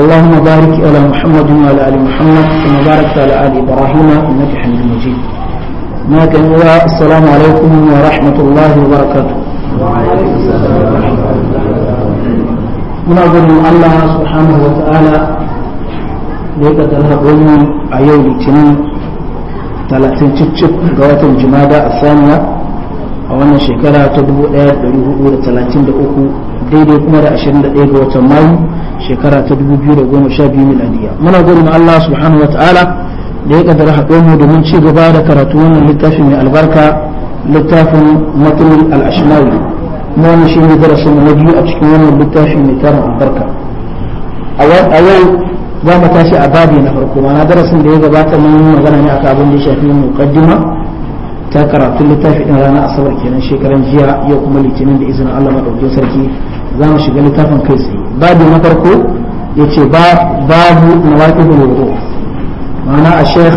اللهم بارك على محمد وعلى ال محمد كما باركت على ال ابراهيم انك حميد مجيد ما كان السلام عليكم ورحمه الله وبركاته وعليكم السلام ورحمه الله وبركاته الله سبحانه وتعالى da ya kaddara wannan a yau litinin talatin cicif ga watan jimada a saniya a wannan shekara ta 1433 daidai kuma da 21 ga watan mayu shekara ta biyu miladiya muna gode ma Allah subhanahu wa ta'ala da ya kaddara haɗo mu domin ci gaba da karatu wannan littafin mai albarka littafin matnul al-ashnawi mu wannan shi darasin na biyu a cikin wannan littafin mai tarin albarka a yau za mu tashi a babi na farko mana darasin da ya gabata mun yi magana ne akan abin da ya shafi muqaddima ta karatu littafi din ranar asabar kenan shekaran jiya yau kuma litinin da izinin Allah madaukakin sarki za mu shiga littafin kai tsaye باب نفرك يتي باب نواقض الوضوء معنا الشيخ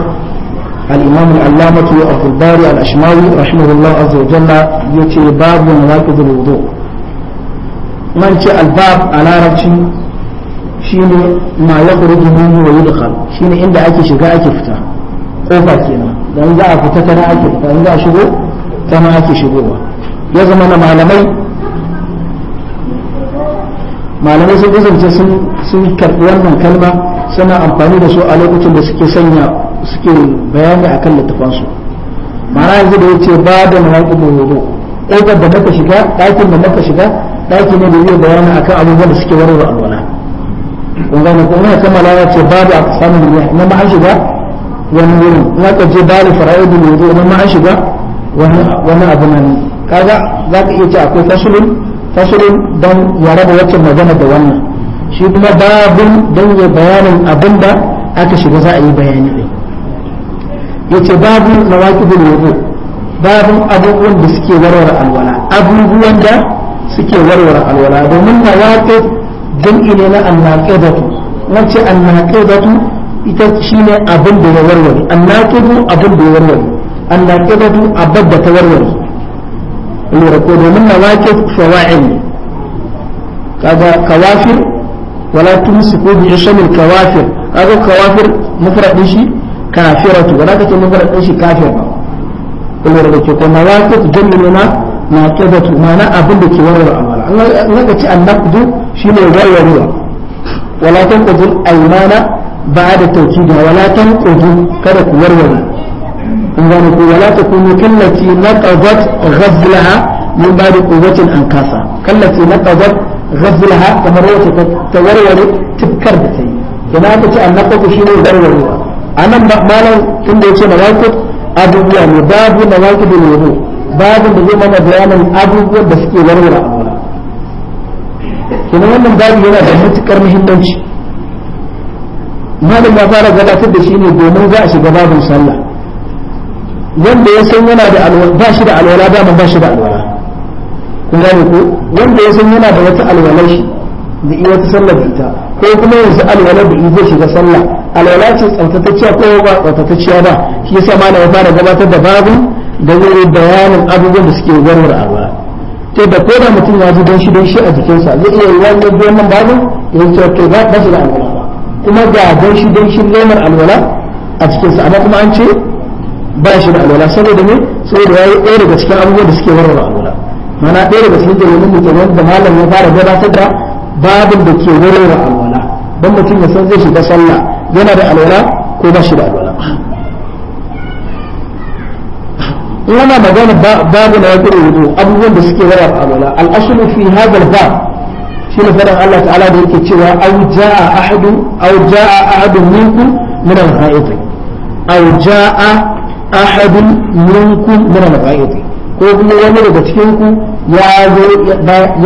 الإمام العلامة أبو الباري الأشماوي رحمه الله عز وجل يتي باب نواقض الوضوء من تي الباب على رجل شيني ما يخرج منه ويدخل شيني عند أكي شقاء كفتا قوفا كينا لأن جاء فتتنا أكي فإن جاء شبو كما أكي شبوه يزمن معلمين malamai sun kasance sun karɓi wannan kalma suna amfani da su a lokacin da suke sanya suke bayani akan littafansu ma'ana yanzu da yace ba da mawaƙi mai hudu ɗaukar da muka shiga ɗakin da muka shiga ɗaki ne da zai bayani akan abubuwan da suke warware alwala kun gane ko ina kammala ya ce ba da samun ruwa na ma an shiga wani wurin na ka je babu fara'idul wudu na ma an shiga wani abu nan kaga za ka iya ce akwai fasulun fasulun dan ya raba wacce magana da wannan shi kuma babun don ya bayanin abin da aka shiga za a yi bayani ɗin ya ce babu na wudu abubuwan da suke warware alwala abubuwan da suke warware alwala domin na waƙib jam'i ne na annaƙidatu wacce annaƙidatu ita shi ne abin da ya warware annaƙidu abin da ya warware annaƙidatu abin da ta warware lura ko domin nawaqif fawa'il ne kaga kawafir wala tumsiku bi ismil kawafir kaga kawafir shi kafiratu wala shi kafir ba lura da ke ko na abin da ke warware amala ci wala wala kada ku warware an gane ko wala takunu kallati من بعد قوة أنكاسا كالتي نقضت غزلها تمروت تورور تذكر بتي كما أنت أن نقض شيء يورور أنا مالا إن ديتي أبو أبوبيا يعني باب نواكد الوضوء باب بزي مانا بيانا أبوبيا بسكي ورور أولا كما wannan babu yana da matukar muhimmanci malam ya fara gabatar da shi ne domin za a shiga babin sallah wanda ya san yana da alwala ba shi da alwala dama ba shi da alwala kun gane ko wanda ya san yana da wata alwala shi da iya wata sallar da ita ko kuma yanzu alwala da in zai shiga sallah alwala ce tsaftatacciya ko ba tsaftatacciya ba shi yasa malam ya fara gabatar da babu da zai bayanin abubuwan da suke warware alwala ta da ko da mutum ya ji don shi don shi a jikinsa zai iya yi wannan wannan babu ya yi cewa ba shi da alwala ba kuma ga don shi don shi lemar alwala a cikinsa amma kuma an ce ba shi da alwala saboda ne saboda yayi ɗaya daga cikin abubuwan da suke warware alwala mana ɗaya daga cikin dalilan da kenan da malam ya fara gabatar da babin da ke warware alwala dan mutum ya san zai shiga sallah yana da alwala ko ba shi da alwala لما مجال باب لا يقول الوضوء أبو بند سكي ولا الولاء الأصل في هذا الباب شنو فرق الله تعالى ذلك أو جاء أحد أو جاء أحد منكم من الغائط أو جاء ahadun minkum min al-ghaib ko kuma wani daga cikin ku ya zo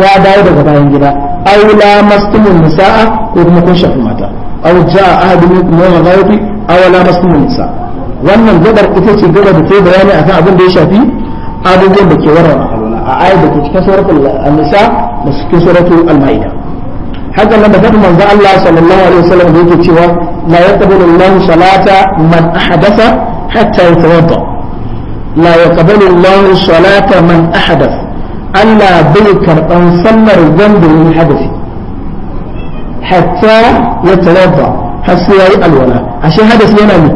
ya dawo daga bayan gida aw lamastumun nisaa ko kuma kun shafi mata aw jaa ahadun minkum min al-ghaib la lamastumun nisaa wannan gabar ita ce gabar da ta bayani akan abin da ya shafi abubuwan da ke warware alwala a ayat da ke cikin suratul an-nisa da cikin suratul al-maida haka nan da faɗin manzo Allah sallallahu alaihi wasallam da yake cewa la yaqbalu Allahu salata man ahdatha حتى يتوضا لا يقبل الله صلاة من أحدث ألا بيكر أن صمر الذنب من حدث حتى يتوضا حتى يقبل ولا عشان حدث ينامي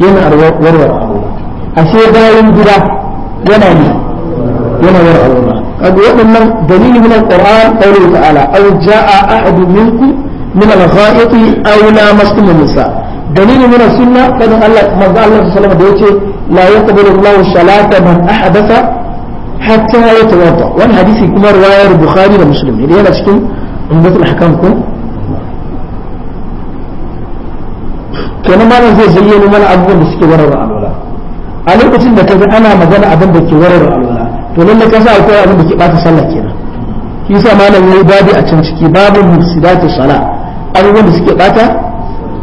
ينعر ورع الله عشان دا ينجرى ينامي ينعر الله أقول من دليل من القرآن قوله تعالى أو جاء أحد منكم من الغائط أو لامستم النساء دليل من السنة قد الله صلى الله عليه وسلم بيته لا يقبل الله الصلاة من أحدث حتى يتوضا والحديث كما رواه البخاري ومسلم اللي يعني هنا تكون من مثل أحكامكم كان ما نزل زيين وما نعبون بسك ورر الأولى على قتل بك أنا ما زال أبن بك ورر الأولى فلن كسا أقول أبن بك بعد صلاة كنا كيسا ما نعبون بابي أتنشكي باب المفسدات الصلاة أبن بسك بعد صلاة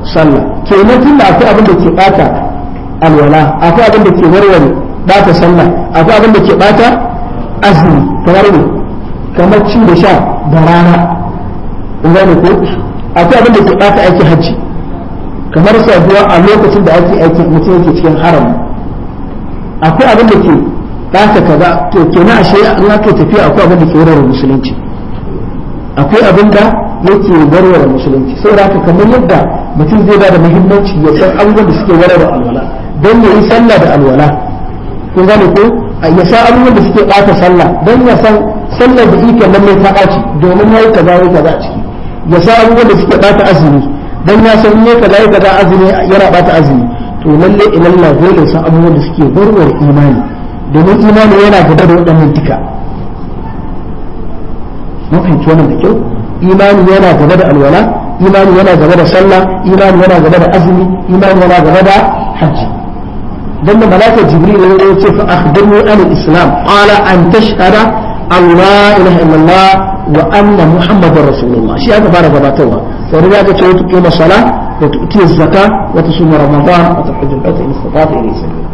sallah kenan tun da akwai abin da ke bata alwala akwai abin da ke warware bata sallah akwai abin da ke bata azumi kamar ne kamar ci da sha da rana gane ko akwai abin da ke bata aiki hajji kamar saduwa a lokacin da ake aiki mutum yake cikin haram akwai abin da ke bata kaza to kenan ashe in aka tafiya akwai abin da ke warware musulunci akwai abin da yake warware musulunci saboda haka kamar yadda mutum zai ba da muhimmanci ya san abubuwan da suke da alwala don ya yi sallah da alwala kun gane ko ya san abubuwan da suke ɓata sallah don ya san sallar da ike nan mai taɓaci domin ya yi kaza ya kaza a ciki ya san abubuwan da suke ɓata azumi don ya san ne kaza ya kaza azumi yana ɓata azumi to lalle ilalla dole san abubuwan da suke warwar imani domin imani yana gaba da waɗannan duka mun fahimci wannan da kyau imani yana gaba da alwala إيمان ولا جبر صلى إيمان ولا جبر أزم إيمان ولا جبر حج لما ملاك جبريل يوسف أخبرني عن الإسلام قال أن تشهد الله إله إلا الله وأن محمد رسول الله شيء هذا بارك الله توه فرجع تشهد يوم الصلاة وتؤتي الزكاة وتصوم رمضان وتحج البيت إن استطعت إليه سبيلا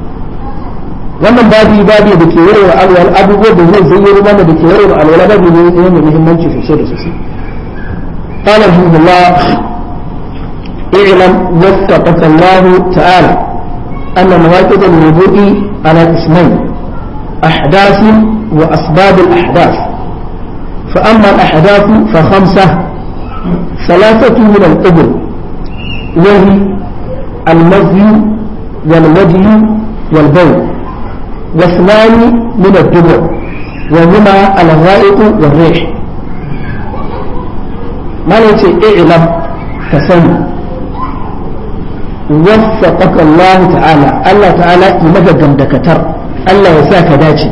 wannan babi babi da ke yawo al'uwal abubuwa da zai zai yi rubar da ke yawo al'uwal abubuwa da ya mahimmanci sosai da sosai قال رحمه الله اعلم وفقك الله تعالى أن مواقف الوضوء على اسمين أحداث وأسباب الأحداث فأما الأحداث فخمسة ثلاثة من القبل وهي المزي والوجه والبول واثنان من الدبر وهما الغائط والريح mana ce i'lam ka sani wasaqaka Allah ta'ala Allah ta'ala ya maka gamdakatar Allah ya sa ka dace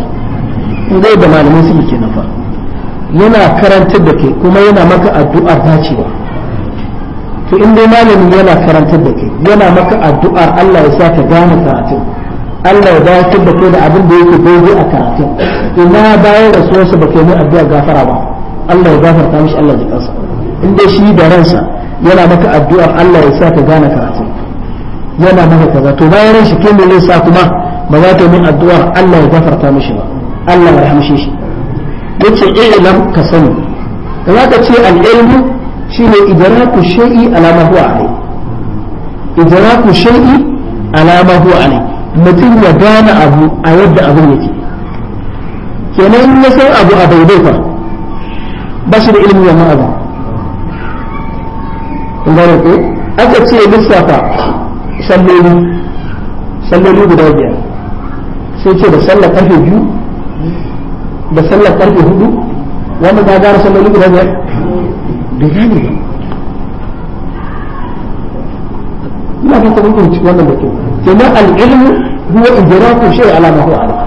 in dai da malamin su ke nafa yana karantar da kai kuma yana maka addu'ar dacewa to in dai malamin yana karantar da kai yana maka addu'ar Allah ya sa ka gane karatun Allah ya dace da kai da abin da yake daidai a karatun ina bayan rasuwarsa ba kai mai addu'ar gafara ba Allah ya gafarta mishi Allah ya kansa in dai shi da ransa yana maka addu'ar Allah ya sa ka gane karatu yana maka kaza to bayan ran shi kin ne sa kuma ba za ta min addu'ar Allah ya gafarta mishi ba Allah ya rahamshe shi yace ilm ka sani da za ka ce al-ilmu shine idraku shay'i ala ma huwa alai idraku shay'i ala ma huwa alai mutum ya gane abu a yadda abin yake kenan ya san abu a daidai fa ba shi da ilimin wannan abu gane ko aka ce lissafa salloli salloli guda biyar sai ce da sallar karfe biyu da sallar karfe hudu wanda ta gara salloli guda biyar da gane ba ina fata mun fahimci wannan batu kenan al'ilmu huwa idraku shay'a ala ma huwa ala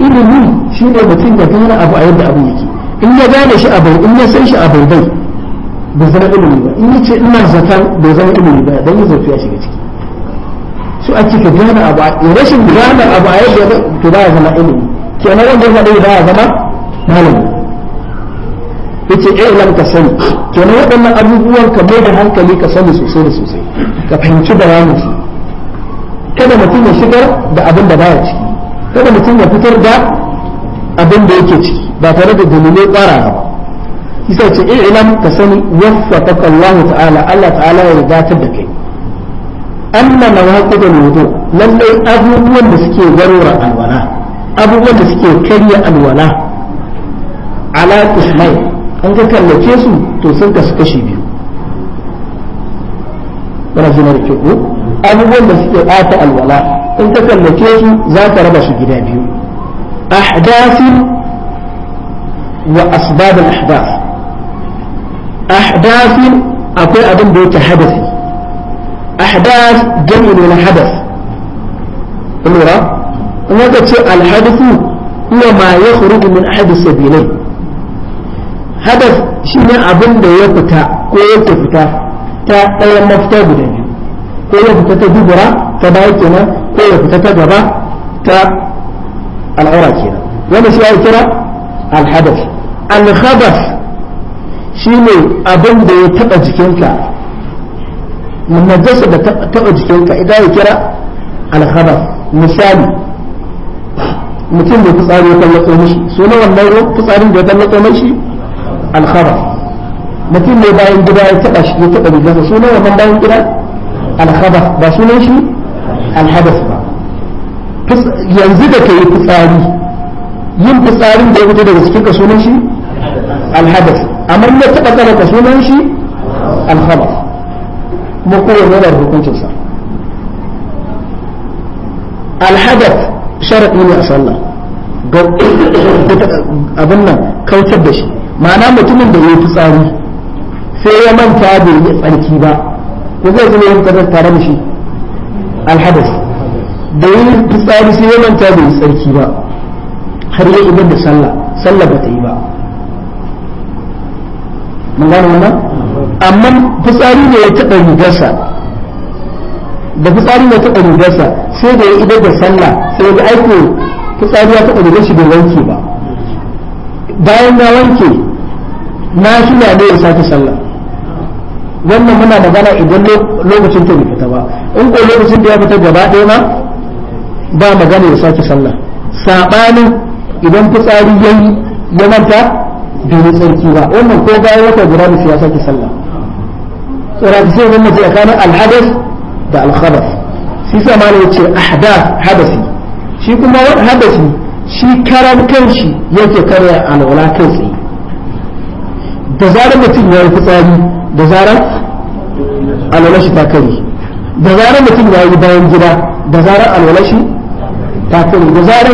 ilimi shine mutum ya gane abu a yadda abu yake in ya gane shi a bai in ya san shi a bai bai bai zama ilimi ba in ce ina zaton bai zama ilimi ba dan yin zato ya shiga ciki su a cika gane abu a rashin gane abu a yadda to ba ya zama ilimi kenan wanda zaɓe faɗi ba ya zama malami yace eh lam ka sani kenan waɗannan abubuwan ka mai da hankali ka sani sosai da sosai ka fahimci bayanin su kada mutum ya shigar da abin da baya ciki kada mutum ya fitar da abin da yake ciki ba tare da dalilai ƙwara ba isa ce i'lam ka sani waffaqaka Allah ta'ala Allah ta'ala ya datar da kai anna da wudu lallai abubuwan da suke garura alwala abubuwan da suke karya alwala ala ismai an ka kallace su to sun kasu kashi biyu wani zina da ko abubuwan da suke ɓata alwala in ka kallace su za ka raba su gida biyu ahdasin wa asbabul ahdas أحداث أقول أدن بيوت حدث أحداث جمع من الحدث أمورا أمورا الحدث هو ما يخرج من أحد السبيلين حدث شنو أبن بيوت كوية فتا تا أي مفتا بدن كوية فتا تدبرا تبايتنا كوية فتا تدبا تا العراكينا ومسي أي ترى الحدث الخبث shi ne abin da ya taɓa jikinka najasa da taɓa jikinka idan ya kira alhabar misali mutum da fitsari ya kallatso mishi sunan wannan fitsarin da ya kallatso mishi alhabar mutum ne bayan gida ya taɓa shi ya taɓa rigarsa sunan wannan bayan gida alhabar ba sunan shi alhadas ba yanzu da ka yi fitsari yin fitsarin da ya fito daga cikinka sunan shi alhadas amma ya taɓa tsaraka sunan shi alhabar kuma kowane da hukuncinsa alhadath sharaɗi ne a sallah abin nan kautar da shi ma'ana mutumin da ya yi fitsari sai ya manta da yi tsarki ba ko zai zama yin tsarki tare da shi alhadas da ya yi fitsari sai ya manta da yi tsarki ba har ya ibar da sallah sallah ba ta yi ba mun gane wannan amma fitsari ne ya taɓa rigarsa da fitsari ne ya taɓa rigarsa sai da ya idar da sallah sai da aiko fitsari ya taɓa rigar bai wanke ba bayan ya wanke na shirya ne ya sake sallah wannan muna magana idan lokacin ta bai fita ba in ko lokacin da ya fita gaba ɗaya ma ba magana ya sake sallah saɓanin idan fitsari ya yi ya manta bai tsarki ba wannan ko bayan wata guda da shi ya sake sallah tsara ta sai wannan tsakanin alhadas da alkhadas shi sa malam ya ce ahdath hadasi shi kuma wani hadasi shi karan kanshi yake karya alwala kai tsaye da zarar mutum ya yi fitsari da zarar alwala shi ta kare da zarar mutum ya yi bayan gida da zarar alwala shi ta kare da zarar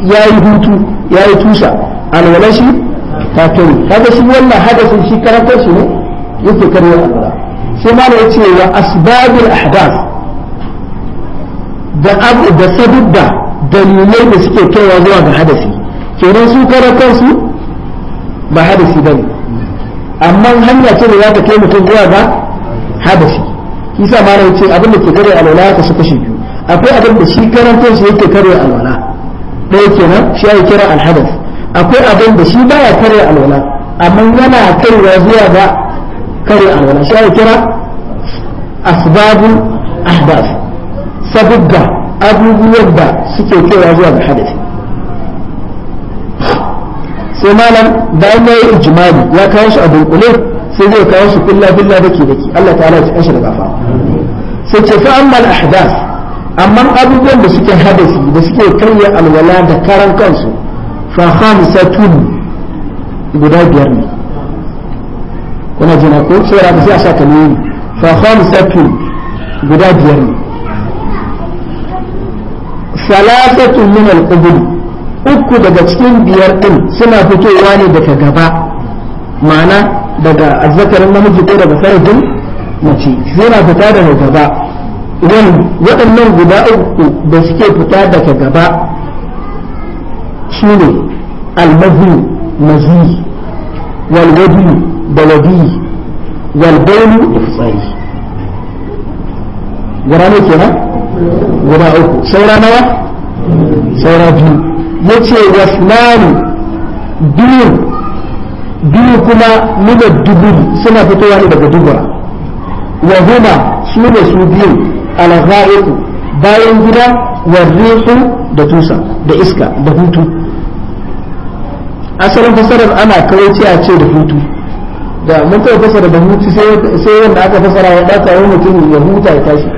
ya yi hutu ya yi tusha alwala shi ta kare kaga shi wannan hadasin shi karantar shi ne yake karyar alwala sai ma ya ce wa asbabul ahdath da abu da sabudda dalilai da suke kaiwa zuwa ga hadasi kenan su karantar su ba hadasi bane amma hanya ce da za ta kai mutum zuwa ga hadasi kisa ma ya ce abin da ke karyar alwala ya kasu kashi biyu akwai abin da shi karantar shi yake karyar alwala ɗaya kenan shi ya kira alhadas akwai abin da shi baya kare alwala amma yana kaiwa zuwa ga kare alwala shi ake kira asbabul ahdath sababba abubuwan da suke kaiwa zuwa ga hadasi sai malam bayan ya yi ijimali ya kawo shi a dunkule sai zai kawo shi billa ke da ke Allah ta'ala ya kashi da gafa sai ce fa amma al amma abubuwan da suke hadasi da suke karya alwala da karan kansu fa khamisatun guda biyar ne kuna jina ko tsira ba sai a ne fa khamisatun guda biyar ne salasatun min al-qubul uku daga cikin biyar din suna fitowa ne daga gaba ma'ana daga azzakarin namiji ko daga farjin mace yana fita daga gaba wani waɗannan guda uku da suke fita daga gaba shine almazi mazi walwadi da wadi walbainu da fitsari guda ne kenan guda uku saura nawa saura biyu ya ce wasnani biyu biyu kuma nuna duburi suna fitowa ne daga dubura wa huma su ne biyu bayan gida warrihu da tusa da iska da hutu asalin fasarar ana kawai ce a ce da hutu da mun kawai fasara da hutu sai wanda aka fasa fasara ya ɗaka wani mutum ya huta ya tashi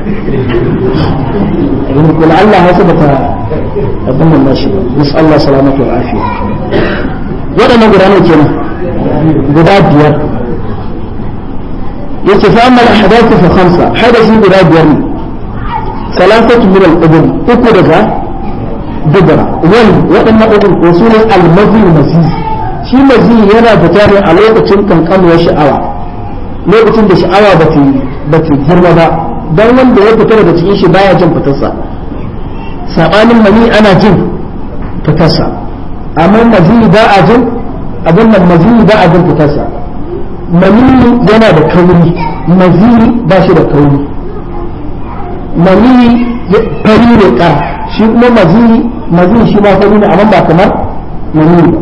wani Allah ya sabata abin nan nashi ba Allah salamatu wa afiya waɗannan guda ne kenan guda biyar yace fa amma al-ahdathu fa khamsa hadasi guda biyar ne ثلاثة من الأذن أكدك دبرة وال وأن أذن وصول المزي المزيز شي مزي ينا بتاني على لوكتين كان كان وشعوى لوكتين دا بتي بتي جرمى با dan wanda ya fita daga cikin shi baya jin fitarsa sabanin mani ana jin fitarsa amma mazi ba a jin abin nan mazi ba a jin fitarsa mani yana da kauri mazi ba shi da kauri mani fari ne ka shi kuma mazini mazini shi ma fari ne amma ba kamar mani ba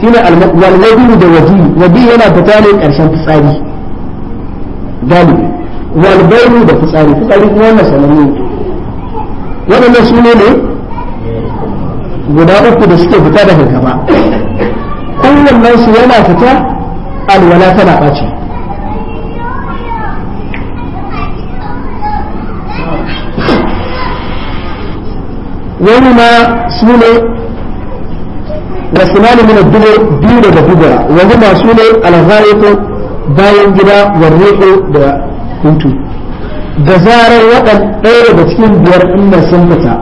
shine alwadiyu da wadi wadi yana fita ne karshen fitsari galibi walbayu da fitsari fitsari kuma wannan sanannu waɗannan su ne ne guda uku da suke fita daga gaba kowannen su yana fita alwala tana ɓaci Wani وهما سنة وسنان من الدبر دون الدبر وهما سنة الغائط باين جدا والريح دا كنتو da hutu da zarar waɗan ɗaya daga cikin biyar in na sun fita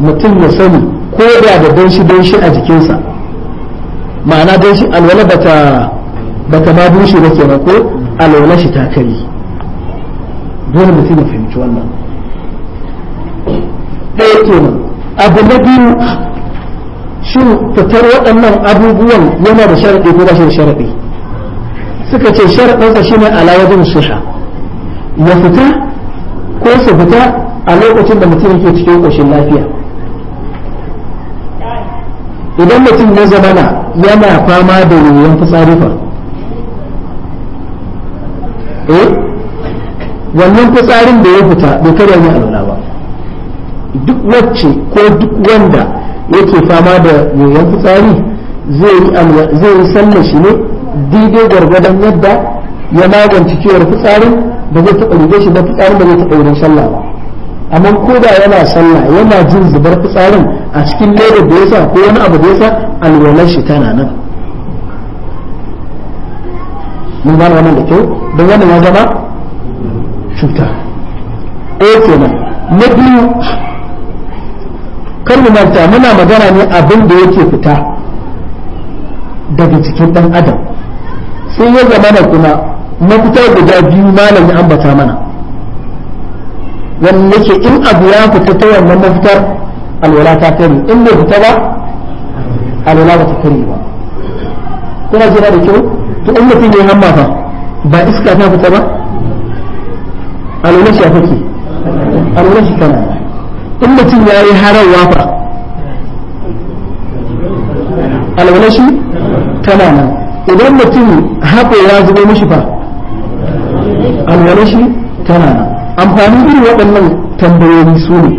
mutum ya sani ko da da danshi danshi a jikinsa ma'ana danshi alwala bata bata ma bushe ba kenan ko alwala shi ta kari dole mutum ya fahimci wannan ɗaya kenan abu na biyu shin fitar waɗannan abubuwan yana da sharaɗi ko ba shi da sharaɗi suka ce sharaɗinsa shine ne yadin suha ya fita ko su fita a lokacin da mutum yake cikin ƙoshin lafiya idan mutum ya zamana yana fama da yoyon fitsari fa eh? wannan fitsarin da ya fita bai karya ne a ba duk wacce ko duk wanda yake fama da yoyon fitsari zai yi sallar shi ne daidai gwargwadon yadda ya magance ciwar fitsarin da zai taɓa rige shi da fitsarin da zai taɓa wurin sallah ba amma ko da yana sallah yana jin zubar fitsarin a cikin lera da yasa ko wani abu da sa alwalar shi tana nan mun wannan da kyau don wannan ya zama cuta eh na biyu kar mu manta muna magana ne abin da yake fita daga cikin dan adam sai ya zamana kuma mafita guda biyu malam ya ambata mana wannan yake in abu ya fita ta wannan mafitar alwala ta kare in bai fita ba alwala ba ta kare ba kuna jira da kyau to in mutum ya hamma fa ba iska ta fita ba alwala shi ya fake alwala shi kana in mutum ya yi harawa fa alwala shi tana nan idan mutum haƙo ya zubo mishi fa alwala shi tana nan amfani irin waɗannan tambayoyi su ne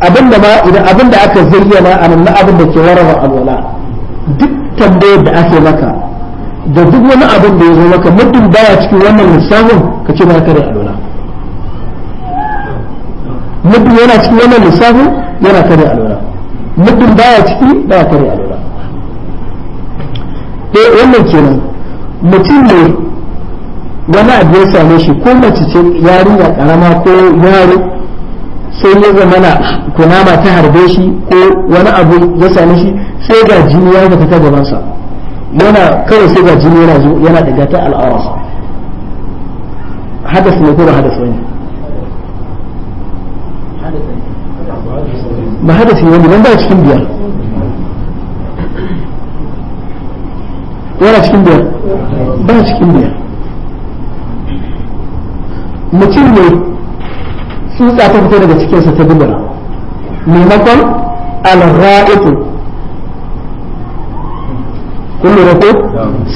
abinda ma idan abinda aka zayyana a nan na abin da ke warawa alwala duk tambayar da ake maka da duk wani abin da ya zo maka mutum baya cikin wannan lissafin ka ce ba ka da alwala muddin yana cikin wannan lissafin yana kare alwala muddin baya ciki baya kare alwala eh wannan kenan mutum ne wani abu ya same shi ko mace ce yarinya karama ko yaro sai ya zamana kunama ta harbe shi ko wani abu ya same shi sai ga jini ya fita gabansa yana kawai sai ga jini yana zo yana daga ta al'aurarsa hadas ne ko ba hadas wani ba hadasi wani nan ba cikin biyar yana cikin biyar ba cikin biyar mutum ne tsutsa ta fito daga cikinsa ta dubura maimakon alra'itu kun lura ko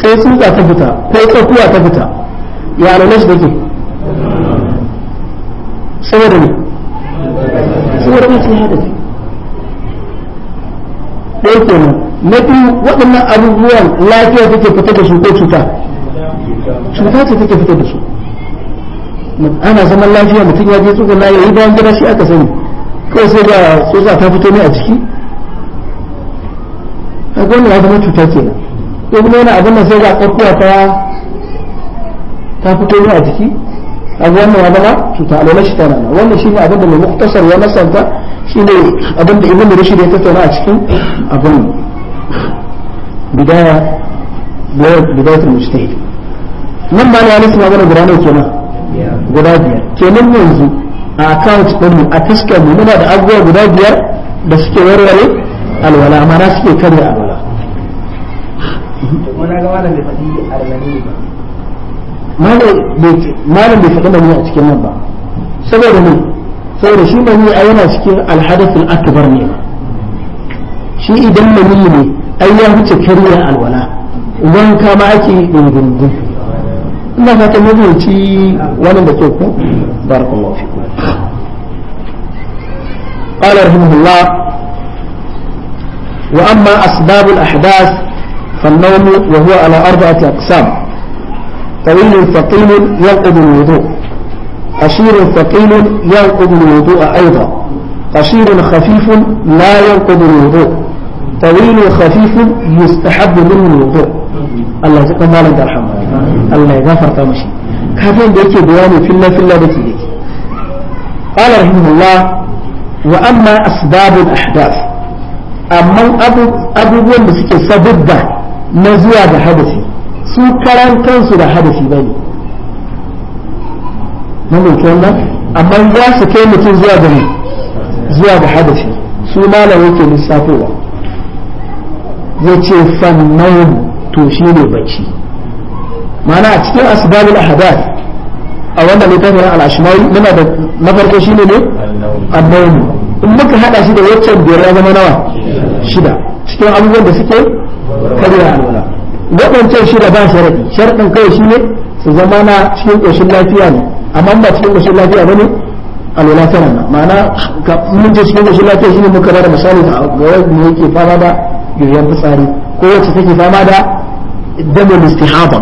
sai tsutsa ta fita ko tsakuwa ta fita ya alalashi da ke saboda ne saboda ne sai hadasi ɗaya kenan na biyu waɗannan abubuwan lafiya take fita da su ko cuta cuta ce take fita da su ana zaman lafiya mutum ya je tsotsa na yayi bayan gida shi aka sani kawai sai ga tsotsa ta fito ne a ciki a gwamna ya zama cuta kenan ko kuma yana abin da sai ga ƙarfiya ta ta fito ne a ciki a wannan ya zama cuta alwala shi tana wannan ne abin da mai muktasar ya masanta shi ne abin da ibn rashid ya tattauna a cikin abin bidaya bidayatul mujtahid nan ba ya nisa magana guda ne kenan guda biyar kenan yanzu a account din mu a fiskar mu muna da abubuwa guda biyar da suke warware alwala amma suke karya alwala malam bai faɗi da ni a cikin nan ba saboda ne saboda shi mani a yana cikin alhadathul akbar ne shi idan mani ne ai ya wuce karya alwala wanka ma ake dungungun ina fata mabuci wannan da ke ku barakallahu fiku قال رحمه الله وأما أسباب الأحداث فالنوم وهو على أربعة أقسام طويل ثقيل ينقض الوضوء قشير ثقيل ينقض الوضوء أيضا قصير خفيف لا ينقض الوضوء طويل خفيف يستحب منه الوضوء الله يجزاك الله ترحم الله يغفر تمشي كافين ده yake bayani filla filla da yake قال رحمه الله وأما أسباب الأحداث أما أبو أبو بن بسكي سبب نزوا ده حدثي su karan kansu mun dauki wannan amma za su kai mutum zuwa ga zuwa ga hadasi su malam yake lissafowa ya ce fannaun to shi ne bacci ma'ana a cikin asibabin ahadath a wannan littafin al-ashmari muna da na farko shine ne annauni in muka hada shi da waccan biyar ya zama nawa shida cikin abubuwan da suke karya alwala waɗancan shida ba sharaɗi sharaɗin kawai ne su zama na cikin ƙoshin lafiya ne amma ba cikin rashin lafiya bane alwala tana nan ma'ana mun je cikin rashin lafiya shine muka bada misali ga wanda yake fama da yoyon fitsari ko wacce take fama da damul istihaba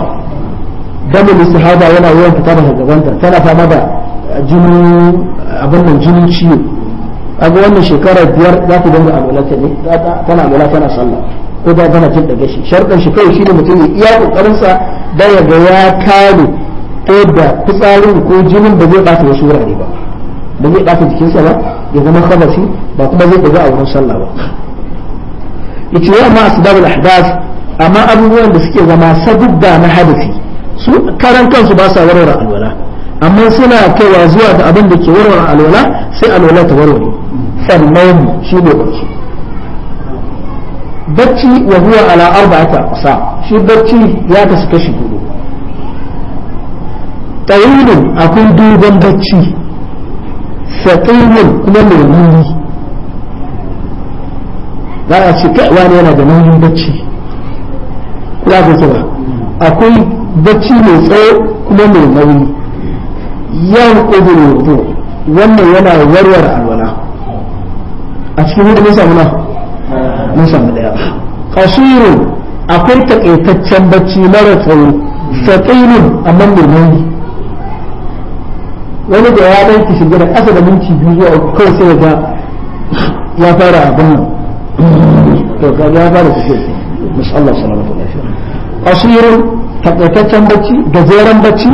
damul istihaba yana yawan fita daga gabanta tana fama da jini abin nan jinin ciwo kaga wannan shekara biyar za ta dinga alwala ta ne tana alwala tana sallah ko da tana jin daga shi sharɗan shi kawai shine mutum ya iya kokarin sa da ya ga ya kare ta da fitsarin ko jinin ba zai ɓata wasu wurare ba ba zai ɓata jikinsa ba ya zama kabasi ba kuma zai ɗaga a wurin sallah ba yace wa ma asbabul ahdath amma abubuwan da suke zama sabubba na hadasi su karan kansu ba sa warware alwala amma suna kaiwa zuwa da abin da ke warware alwala sai alwala ta warware sannan shi ne barci bacci wa huwa ala arba'ata shi bacci ya kasu kashi tsayinin akwai dogon bacci tsayinin kuma mai nuni ba a ce kai wani yana da nuni bacci ya fi ba akwai bacci mai tsawo kuma mai nauyi yan ƙudurin wudu wannan yana warware alwala a cikin wudu mun samu na mun samu daya kasirin akwai taƙaitaccen bacci mara tsawo tsakainin amma mai nauyi wani da ya dan shiga da ƙasa da minti biyu zuwa kawai sai ga ya fara abin to ya fara tafiya masallah salamatu lafiya qasirun taqataccen bacci gajeren bacci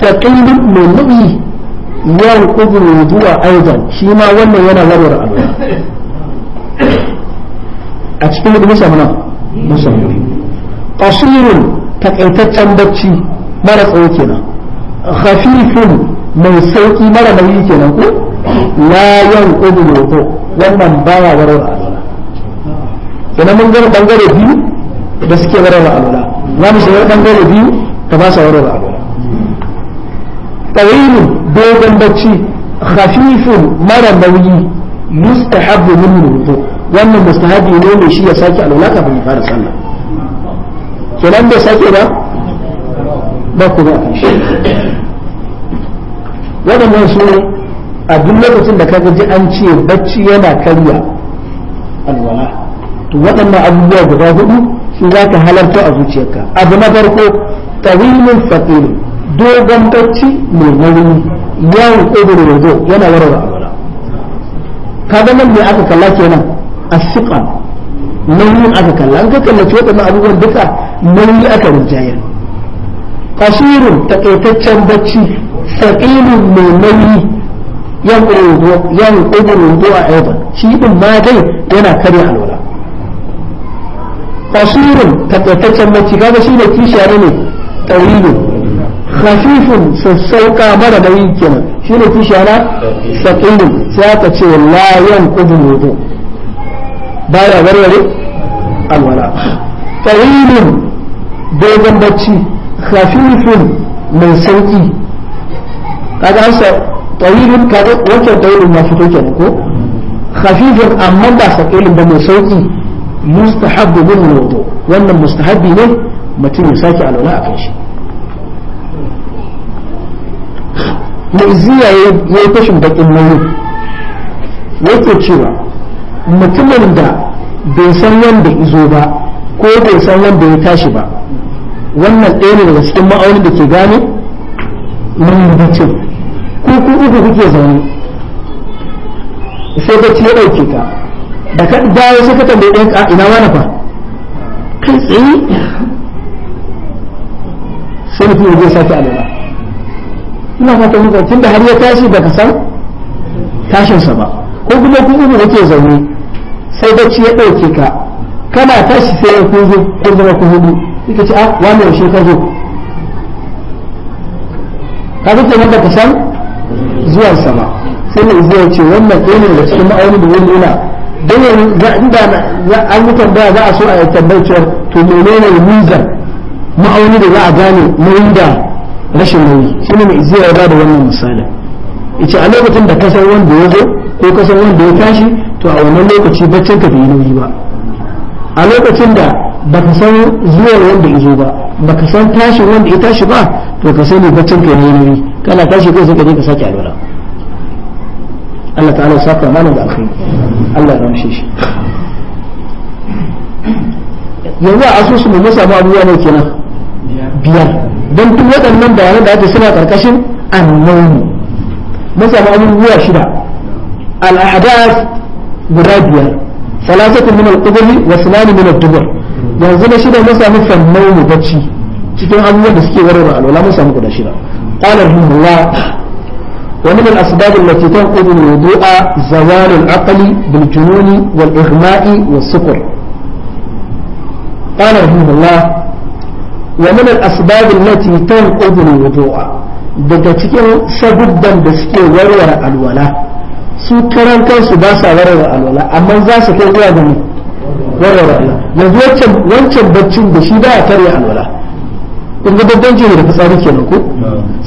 faqilun mai nabi yawan kudin wuduwa aizan shi ma wannan yana warware alwala a cikin hudu musa mana musa qasirun taqataccen bacci mara tsawo kenan khafifun mai sauki mara nauyi kenan ko la kudu wudu wannan baya warware alwala kenan mun gane bangare biyu da suke warware alwala za mu shiga bangare biyu da ba sa warware alwala tawilun dogon bacci khafifun mara nauyi mustahabbu min wudu wannan mustahabi ne mai shi ya sake alwala ka ya fara sallah kenan da sake ba ba ku ba waɗannan su a duk lokacin da kaga ji an ce bacci yana karya alwala to waɗannan abubuwa guda hudu su za ka halarta a zuciyarka abu na farko tawilin fatil dogon bacci mai nauyi yawon da wazo yana warware alwala kaga nan ne aka kalla kenan asiqan nauyin aka kalla an ka kallaci waɗannan abubuwan duka nauyi aka rinjayar kasirin takaitaccen bacci saƙilin mai nauyi yan ƙudin rubu a aiban shi ɗin ma dai yana karya alwala kasurin takaitaccen mace kaga shi da kishiyar ne tawilin khafifun sassauka mara nauyi kenan shi ne kishiyar saƙilin sai aka ce la yan ƙudin rubu baya warware alwala tawilin dogon bacci khafifun mai sauƙi kaga hausa tawilun kaga wancan tawilun ya fito kenan ko khafifun amma ba saqilun ba mai sauki mustahabbu min wudu wannan mustahabbi ne mutum ya sake alwala a kan shi mai ziya ya yi fashin bakin nauyi yake cewa mutumin da bai san wanda izo ba ko bai san wanda ya tashi ba wannan ɗaya ne daga cikin ma'aunin da ke gane mutum uku kuke zaune sai bacci ce ɗauke ka da ka dawo sai ka tambaye ɗan ka ina wani fa kai tsaye sai mutum ya zai sake lura ina fata mutum tunda har ya tashi ka san tashin sa ba ko kuma kun uku kuke zaune sai bacci ce ɗauke ka kana tashi sai ya kun zo zama ku hudu kika ce a wani shi ka zo ka zo kenan ka san zuwan sama sai na zuwa ce wannan ɗaya ne daga cikin ma'auni da wani ina don yanzu inda an yi tambaya za a so a tambayi cewar to menene mizan ma'auni da za a gane nauyi da rashin nauyi shi ne mai zuwa ba da wannan misali ce a lokacin da kasar wanda ya zo ko kasar wanda ya tashi to a wannan lokaci baccin ka bai nauyi ba a lokacin da baka san zuwa wanda ya zo ba baka san tashin wanda ya tashi ba to ka sani baccin ka ya nauyi kana tashi kai sai ka je ka sake alwala Allah ta'ala ya saka mana da alkhairi Allah ya ramshe shi yanzu a asusu mu mun samu abubuwa ne kenan biyar don duk waɗannan bayanan da ake suna karkashin annauni mun samu abubuwa shida al-ahdath guda biyar salasatu min al-qubri wa sunani min ad yanzu na shida mun samu fannauni bacci cikin abubuwan da suke warware alwala mun samu guda shida قال رحمه الله ومن الأسباب التي تنقض الوضوء زوال العقل بالجنون والإغماء والسكر قال رحمه الله ومن الأسباب التي تنقض الوضوء daga cikin sabubban da suke warware alwala su karan kansu ba warware alwala amma za su kai zuwa ga warware alwala yanzu wancan baccin da shi ba ya karya alwala kun ga jini da fitsari kenan ko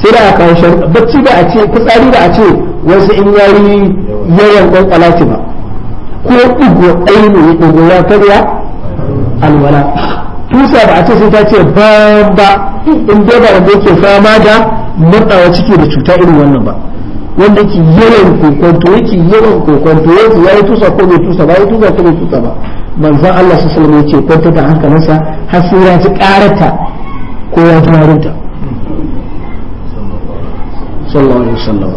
sai da aka kawo sharuɗa bacci da a ce fitsari da a ce wasu in yari yawan ɗan ƙwalati ba ko ɗigo aini ya ɗigo ya karya alwala tusa ba a ce sai ta ce ba ba in dai ba wanda yake fama da murɗawa ciki da cuta irin wannan ba wanda yake yawan kokonto yake yawan kokonto yake yayi tusa ko bai tusa ba yayi tusa ko bai tusa ba manzon Allah sallallahu alaihi wasallam yake kwanta da hankalinsa har sai ya ji karata ko ya tunarin ta sallallahu alaihi wasallam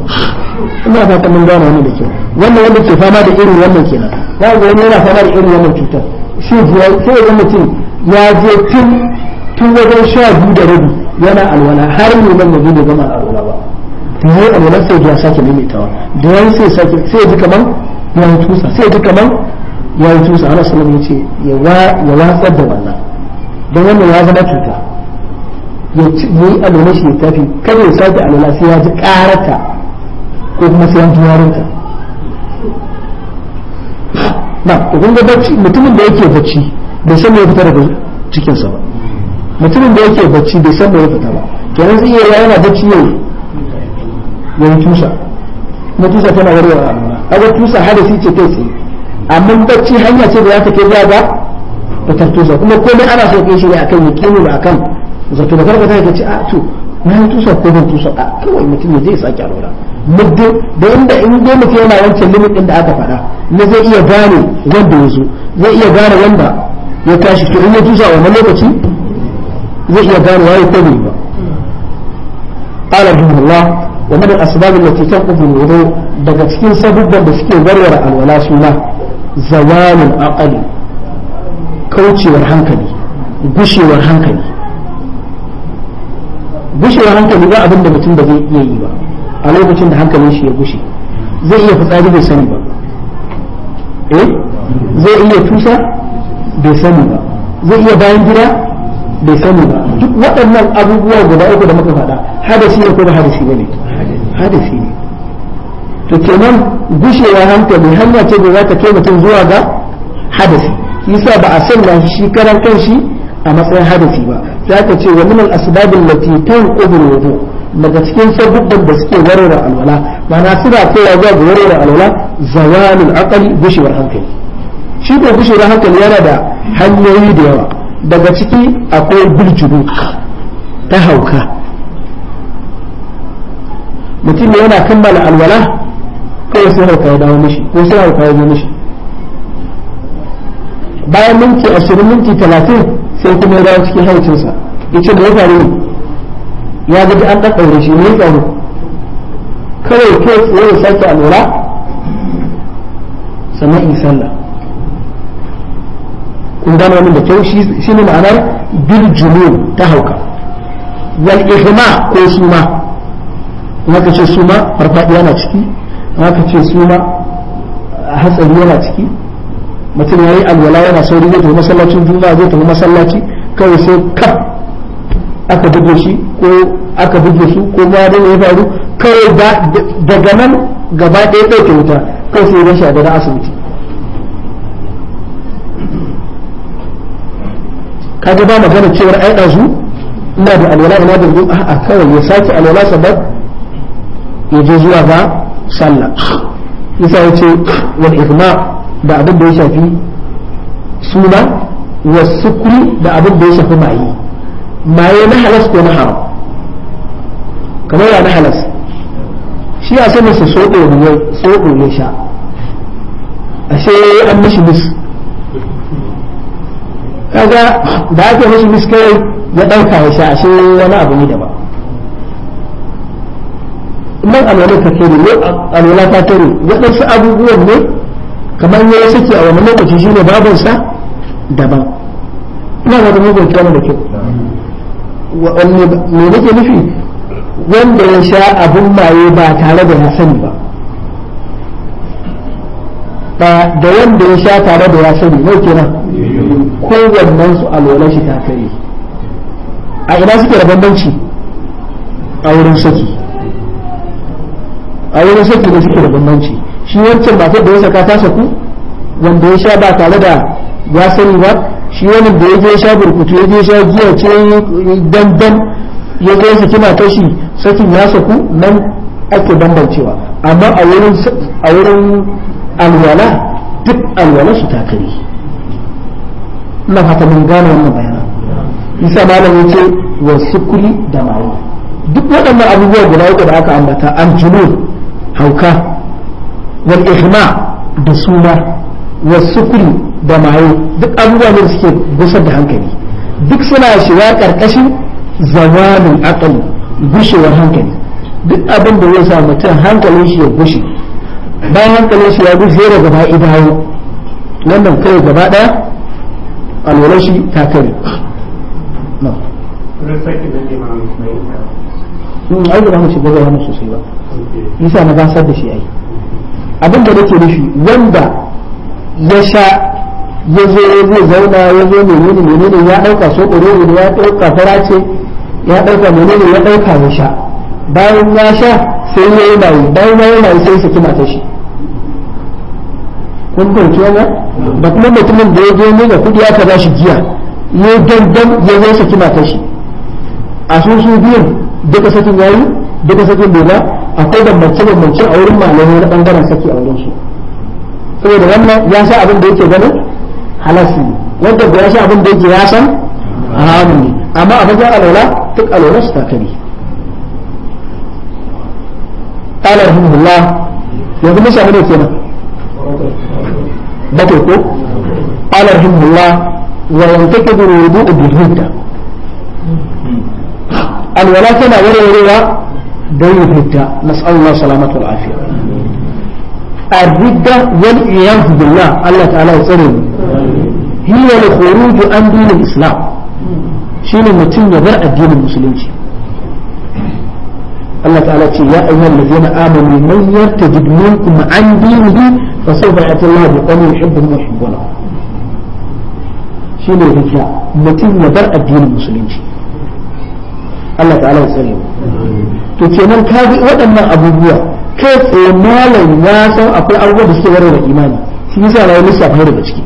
ina fata mun gane wani da ke. wannan wanda ke fama da irin wannan kenan za ga wani yana fama da irin wannan cutar shi sai ga mutum ya je tun tun wajen sha biyu da rabi yana alwala har ne ban da zai gama alwala ba to yayi alwala sai ya sake maimaitawa da yayi sai sake sai ji kamar ya yi tusa sai ji kamar ya yi tusa ana sallallahu alaihi wasallam ya ce ya watsar da wannan don wannan ya zama cuta ya yi alwala shi tafi kada ya sake alwala sai ya ji karata ko kuma sai ya ji na to da bacci mutumin da yake bacci da san me ya fita daga cikinsa ba mutumin da yake bacci da san me ya fita ba to yanzu iya yana bacci yau ya yi tusa na tusa tana warware a ga tusa hadasi ce kai tsaye amma bacci hanya ce da ya take zuwa ga ta tusa kuma komai ana kai shi ne akan yakini ba akan zato da garba zai ce a to na yi tusa ko ban tusa a kawai mutum ne zai sake alwala muddin da inda in dai mutum yana wancan limit din da aka faɗa na zai iya gane wanda ya zo zai iya gane wanda ya tashi to in ya tusa a wani lokaci zai iya gane waye ko bai ba قال رحمه الله ومن الأسباب التي تنقض الوضوء daga cikin sabubban da suke warware alwala suna zawalul aqali kaucewar hankali gushewar hankali gushewar hankali ba abin da mutum ba zai iya yi ba a lokacin da hankalin shi ya gushe zai iya fitsari bai sani ba eh zai iya tusa bai sani ba zai iya bayan gida bai sani ba duk waɗannan abubuwa guda uku da muka faɗa hadasi ne ko ba hadasi ne hadasi ne to kenan gushewa hankali hanya ce da za ta kai mutum zuwa ga hadasi yasa ba a sallan shi karan kanshi a matsayin hadisi ba za ka ce wa min al asbabin lati tanqudul wudu daga cikin sabubban da suke warware alwala mana suna kowa za ga warware alwala zawalul aqli gushewar hankali shi ko gushewar hankali yana da hanyoyi da yawa daga ciki akwai biljulu ta hauka mutum ne yana kammala alwala kawai sai hauka ya dawo mishi ko sai hauka ya zo mishi bayan minti ashirin minti talatin sai kuma ya dawo cikin haucinsa ya ce da ya faru ya gaji an ɗaɗɗaure shi ne tsaro kawai kai tsaye ya sake lura sannan in sallah kun gano wani da kyau shi ne ma'anar bil junun ta hauka wal ihma ko suma kuma ka ce suma farfadiya na ciki kuma ka ce suma hatsari yana ciki mutum ya yi alwala yana sauri zai tafi masallacin juma'a zai tafi masallaci kawai sai kaf aka buge shi ko aka buge su ko ba da ya faru kawai daga nan gaba ɗaya ɗauke wuta kai sai rashin adadin asibiti kaga ba magana cewar ai ɗazu ina da alwala ina da rubu a kawai ya sake alwala sabab ya je zuwa ba sallah yasa ya ce wal ihma da abin da ya shafi suna sukuri da abin da ya shafi maye maye na halas ko na haram kamar ya na halas shi ya sanar su soɗo ne sha ashe an mishi mis kaga da ake mishi mis kai ya ɗauka ya sha ashe wani abu ne da ba nan alwala ta tere alwala ta tere waɗansu abubuwan ne kamar ya yi a wani lokaci shi ne babansa daban ina ga zama bai kama da kyau me nake nufi wanda ya sha abun maye ba tare da ya sani ba ba da wanda ya sha tare da ya sani ke nan kowannen su alwala shi ta kai a ina suke da bambanci a wurin saki a wurin saki da suke da bambanci shi wancan matar da ya saka ta saku wanda ya sha ba tare da ya sani ba shi wani da ya je sha burkutu ya je sha giya ce dandan ya je saki kina kashi sakin ya saku nan ake bambancewa amma a wurin a wurin alwala duk alwala su ta kare na haka mun gane wannan bayanan isa malam ya ce wa sukuri da mawa duk waɗannan abubuwa guda uku da aka ambata an hauka wal ihma da suma was sukuri da maye duk abubuwa ne suke gusar da hankali duk suna shiga karkashin zamanin aqal gushewar hankali duk abin da zai sa mutum hankalin shi ya gushe bayan hankalin shi ya gushe zai gaba idayo wannan kai gaba daya alwalar ta ai abin da nake nufi wanda ya sha ya zo zai zauna ya zo menene menene ya dauka so ƙororo ne ya dauka fara ce ya dauka menene ya dauka ya sha bayan ya sha sai ya yi bayi bayan ya yi bayi sai su kuma ta shi kun fahimci wannan da kuma mutumin da ya zo ne da kudi aka ba shi giya ya dandan ya zo su kuma ta shi a su su biyun duka sakin yayi duka sakin bai ba akwai bambance bambance a wurin malamai na bangaren saki a wurin su saboda wannan ya sha abin da yake ganin halasi wanda ba ya sha abin da yake ya san haramun ne amma a fajar alola duk alola su takari قال رحمه الله yanzu mun samu ne kenan bakwai ko قال رحمه الله وينتقد الوضوء بالردة الولاء كما ورورها دون الردة نسأل الله سلامة والعافية الردة والعياذ بالله الله تعالى يسلم هي لخروج عن دين الإسلام شنو متن يبرع الدين المسلمين الله تعالى يا أيها الذين آمنوا من يرتد منكم عن دينه فسوف يأتي الله بقوم يحبهم ويحبونه شنو الرجاء متن يبرع الدين المسلمين الله تعالى يسلم to kenan ka bi waɗannan abubuwa kai tsaye malam ya san akwai abubuwa da suke warware imani shi yasa na yi lissafa da ciki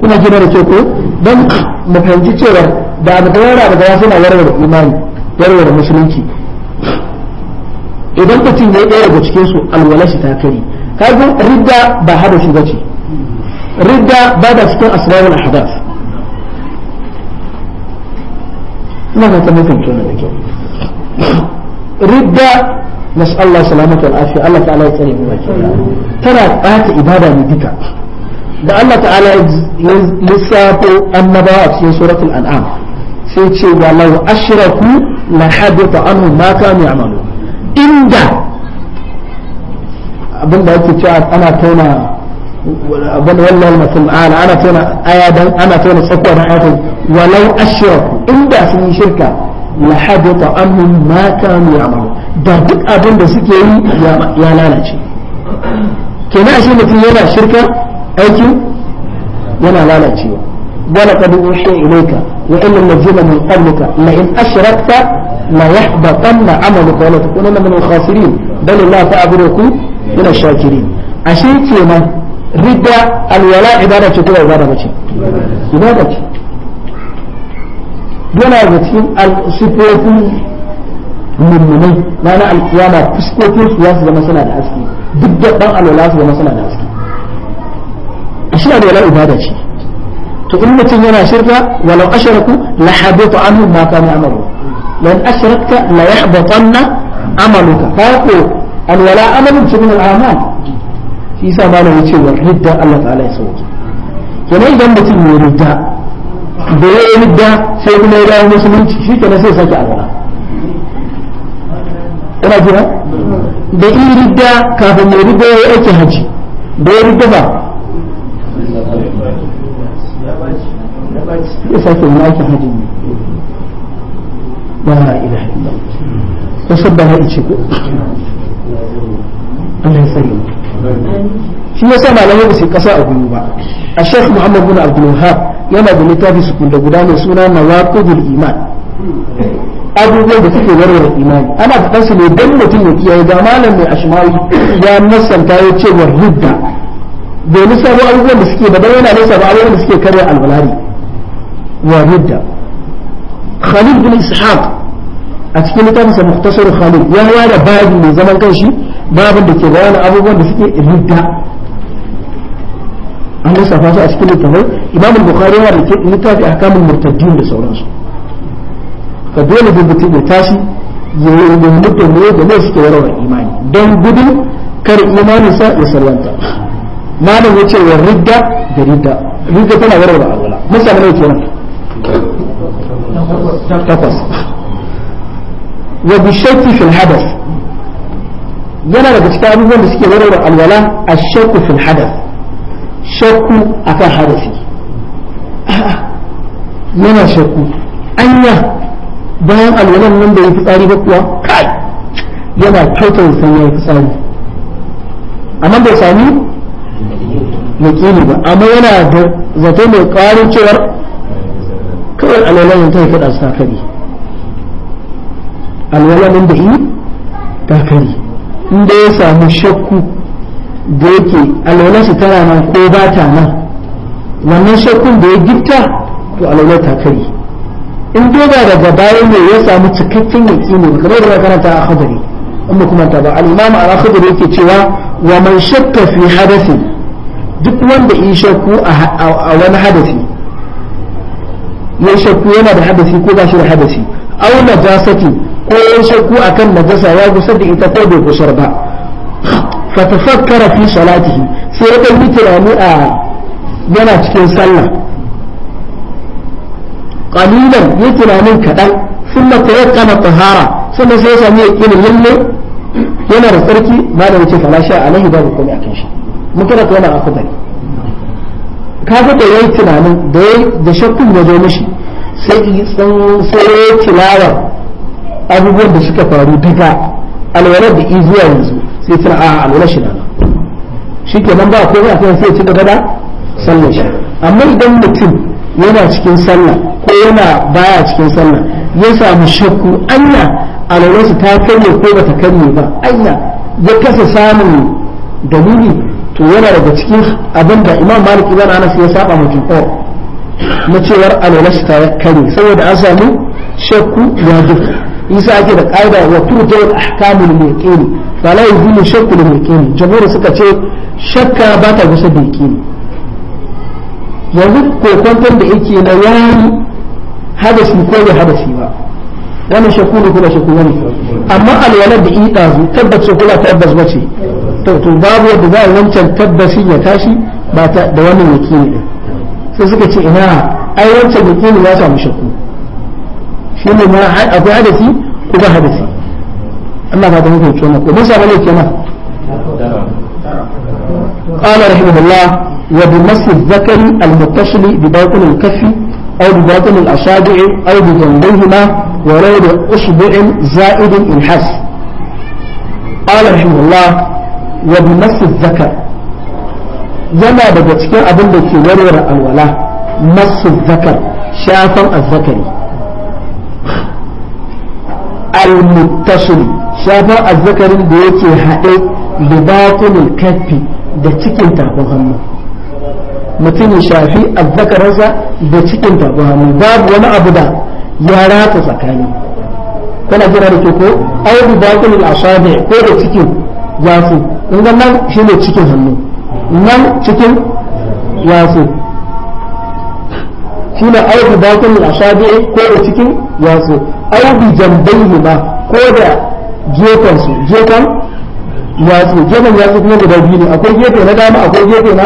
kuna gina da ke ko don mu fahimci cewa da abu da yara da ya suna warware imani warware musulunci idan mutum ya yi ɗaya daga cikin su alwala shi ta kari kaga ridda ba hada shi bace ridda ba da cikin asrarul ahdath ina ga ta mutum da kyau ردة نسأل الله سلامة والعافية الله تعالى يسلم ترى آت إبادة مدكة دا الله تعالى يسابه النبوة في سورة الأنعام سيتشي ولو أشركوا لحدث عنهم ما كانوا يعملون إن abin da yake cewa ana tona abin wallahi mutum ala ana tona ayadan ana tona sakwa da ayatan walau ashiraku inda لحبط عنهم ما كانوا يعملون ده دك أبن ده سكيه يا لالاتي كنا أشياء مثل يلا شركة أيكي يلا لالاتي ولقد أوحي إليك وإن الذين من قبلك لئن أشركت يحبطن عملك ولا تكونن من الخاسرين بل الله فأبروك من الشاكرين أشيء كيما ردى الولاء عبادة كلها عبادة عبادة yana da cikin sifofin mummunai na na alkiyama fuskokin su za su zama suna da aski duk da dan alwala su zama suna da haske shi alwala ibada ce to in mutum yana shirka walau asharaku la habita anhu ma kana amalu lan ashrakta la yahbatanna amaluka fa ko alwala amalun min al-amal shi yasa malamin cewa ridda Allah ta'ala ya sauke kenan idan mutum ya ridda da ya yi da sai kuma ya dawo musulunci shi kenan sai sake alwala ina jira da yi ridda kafin mai ridda ya yi aikin hajji da ya ridda ba ya sake wani aikin hajji ne la ilaha illallah ko sabba na ice ko Allah ya sani shi yasa malamai ba su kasa a gudu ba a Sheikh Muhammad bin Abdul Wahhab yana da littafi su kunda guda mai suna waƙudul iman abubuwan da suke warware imani ana da su ne don mutum ya kiyaye da malam mai ashmawi ya nasanta ya ce wa rudda domin sabo abubuwan da suke daban yana nesa ba abubuwan da suke karya alwalari wa rudda khalid bin ishaq a cikin littafinsa muktasar khalid ya ware babu mai zaman kanshi babin da ke bayanin abubuwan da suke rudda an lissafa su a cikin littafai imamul bukhari yana da littafi ahkamul murtaddin da sauransu ka dole da mutum ya tashi ya yi mutum ne da ne suke warware imani don gudun kar imanin sa ya salwanta malam ya ce wa ridda da ridda ridda tana warware alwala misali ne kenan takwas wa bishakki fil hadath yana daga cikin abubuwan da suke warware alwala ashakku fil hadath shakku kan harafi yana shakku anya bayan alwalan nan da ya tsari ba kuwa kai yana kautar san ya fitsari amma bai sami yaƙini ba amma yana da zato mai ƙwarin cewar kawai alwalan ta yi fada su takari alwalan da yi takari inda ya samu shakku da yake alwala tana nan ko ba ta nan wannan shakkun da ya gifta to alwala ta kari in doga daga baya ne ya samu cikakken yaƙini ne kamar da karanta a hadari in ba kuma ta ba al a al yake cewa wa man shakka fi hadasi duk wanda ya shakku a wani hadasi ya shakku yana da hadasi ko ba shi da hadasi auna najasati ko ya shakku akan najasa ya gusar da ita ko bai gusar ba fa tafakkara fi salatihi sai ya dan tunani a yana cikin sallah qalilan ya tunanin kadan thumma tayaqqana tahara sannan sai ya sami yakinin lalle yana da tsarki ma da wuce falasha alaihi babu komai akan shi mun kada ko yana akubari kaga da yayi tunanin da da shakkun ya zo mishi sai sai ya tilawa abubuwan da suka faru daga alwalar da izuwa yanzu sai tana a alwala shi shi ke nan ba ko a ta sai ya ci gaba da shi amma idan mutum yana cikin sallah ko yana baya cikin sallah ya samu shakku anya alwalarsa ta karye ko bata karye ba anya ya kasa samun dalili to yana daga cikin abin da imam malik ibn anas ya saba mutum ko na cewar alwalarsa ta karye saboda an samu shakku ya duka isa ake da ƙa'ida wa turtul ahkamul muqin fala yuzilu shakkul muqin jamhur suka ce shakka ba ta gusa da yaqini yanzu kokon da yake na yayi hadasi ko da hadasi ba wannan shakku ne kuma shakku ne amma alwalar da yi ɗazu tabbas kula ba tabbas ba ce to babu yadda za a wancan tabbasin ya tashi ba ta da wannan yakini din sai suka ce ina ai wancan yakini ya samu shakku قال رحمه الله وبمس الذكر المتصل بباطن الكف أو بباطن الأصابع أو بجنبيهما وغير أصبع زائد إنحاس قال رحمه الله وبمس الذكر زما بدتك أبن بك يرور الولاء مس الذكر شافا الذكر al-muttasil shafar azzakarin da yake haɗe da batinul kaffi da cikin tafin hannu mutum ya shafi azzakarinsa da cikin tafin hannu babu wani abu da ya rata tsakani kana jira da ke ko ai bi batinul asabi ko da cikin yasu in ga nan shine cikin hannu nan cikin ko cikin aw bi jambayhima ko da gefen su gefen yatsu gefen yatsu kuma guda biyu ne akwai gefe na dama akwai gefe na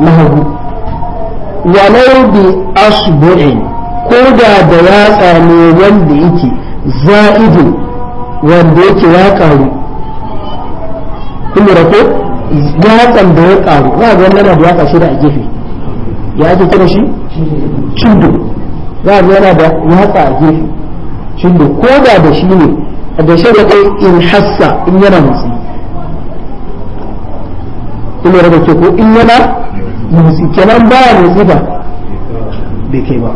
na hagu walau bi asbu'in ko da da yatsa ne wanda yake za'idu wanda yake ya karu kuma ko yatsan da ya karu za ga wannan da yatsa shida a gefe ya ake kira shi cindo za ga yana da yatsa a gefe shi ne ko da da shi ne da sharaɗin in hassa in yana motsi in yana da ko in yana motsi kenan ba ya motsi ba bai kai ba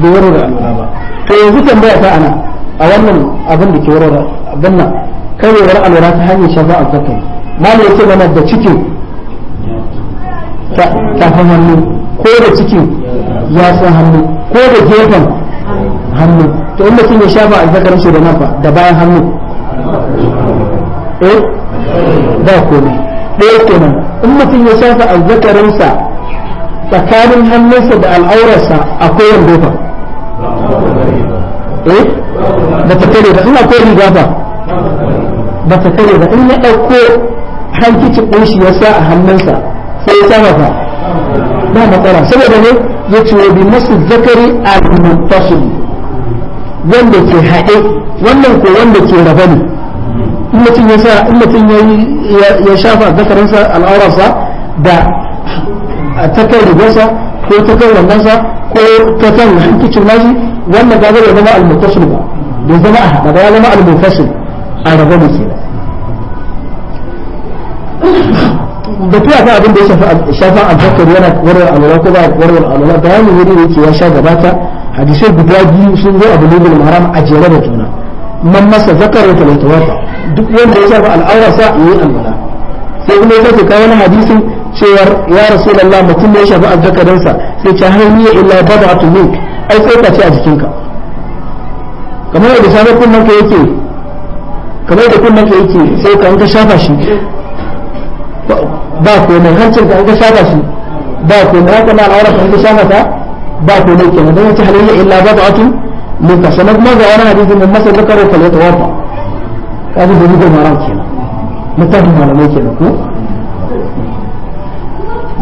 bai wani da ba to yanzu tambaya ta ana a wannan abin da ke wani da abin nan kawai alwara ta hanyar shafa a zakai malu ya ce mana da cikin kafin hannu ko da cikin yatsun hannu ko da gefen hannu to in mutum ya shafa azzakarin shi da nafa da bayan hannu eh ba komai ɗaya kenan in mutum ya shafa azzakarinsa tsakanin hannunsa da al'aurarsa akwai wando fa eh ba ta kare ba ina akwai riga ba ba ta kare ba in ya ɗauko hankicin ɗin shi ya sa a hannunsa sai ya sama fa ba matsala saboda ne ya ce wa bi masu zakari al-muntasim wanda ke haɗe wannan ko wanda ke raba ne in mutum ya sa in mutum ya ya shafa zakarinsa sa da ta kai rigarsa ko ta kai wannansa ko ta kan hankicin nashi wannan ba zai zama al-muttasil ba bai zama a haɗa ba ya zama al-muttasil a raba ne kenan da tuwa ta abin da ya shafa al-zakari yana warwar alwala ko ba warwar alwala bayani wuri ne ke ya sha gabata hadisai guda biyu sun zo a bulugul maram a jere da juna man masa zakar ta bai tawafa duk wanda ya shafa al'aura sa yi alwala sai kuma ya kawo wani hadisin cewar ya rasu rasulullah mutum ne ya shafa azzakarin sa sai ta hanyar illa badatu mink ai sai ka ce a jikinka kamar yadda sanar kunnan ka yake kamar yadda kunnan ka yake sai ka an ka shafa shi ba komai hancin ka an ka shafa shi ba komai haka na al'aura ka an ka shafa ta ba ko ne kenan dan yace halayya illa bad'atu minka sanan kuma ga wani hadisi mun masa zakaru kal yatawafa kaji da ni goma ran kenan mutane malamai kenan ko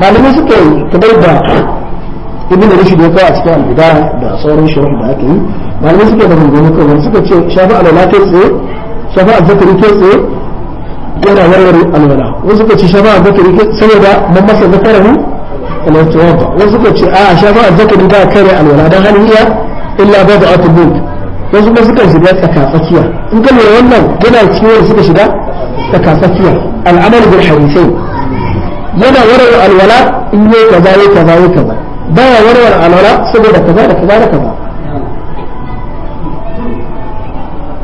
malamai suka yi kamar da ibn rushd ya kawo a cikin al-bidaya da sauran shuruh da ake yi malamai suka da gungumi kawai suka ce shafa alwala kai tsaye shafa azzakari kai tsaye yana warware alwala wasu suka ce shafa azzakari saboda mun masa zakaru wala tawadda wasu ka ce a sha ba zakarin ba kare alwala dan hal hiya illa bada'atul mulk wasu ba suka shiga tsaka in ka lura wannan yana ciwo suka shiga tsaka tsakiya al'amal bil hadisai yana warware alwala in yi kaza yayi kaza yayi kaza baya warware alwala saboda kaza da kaza da kaza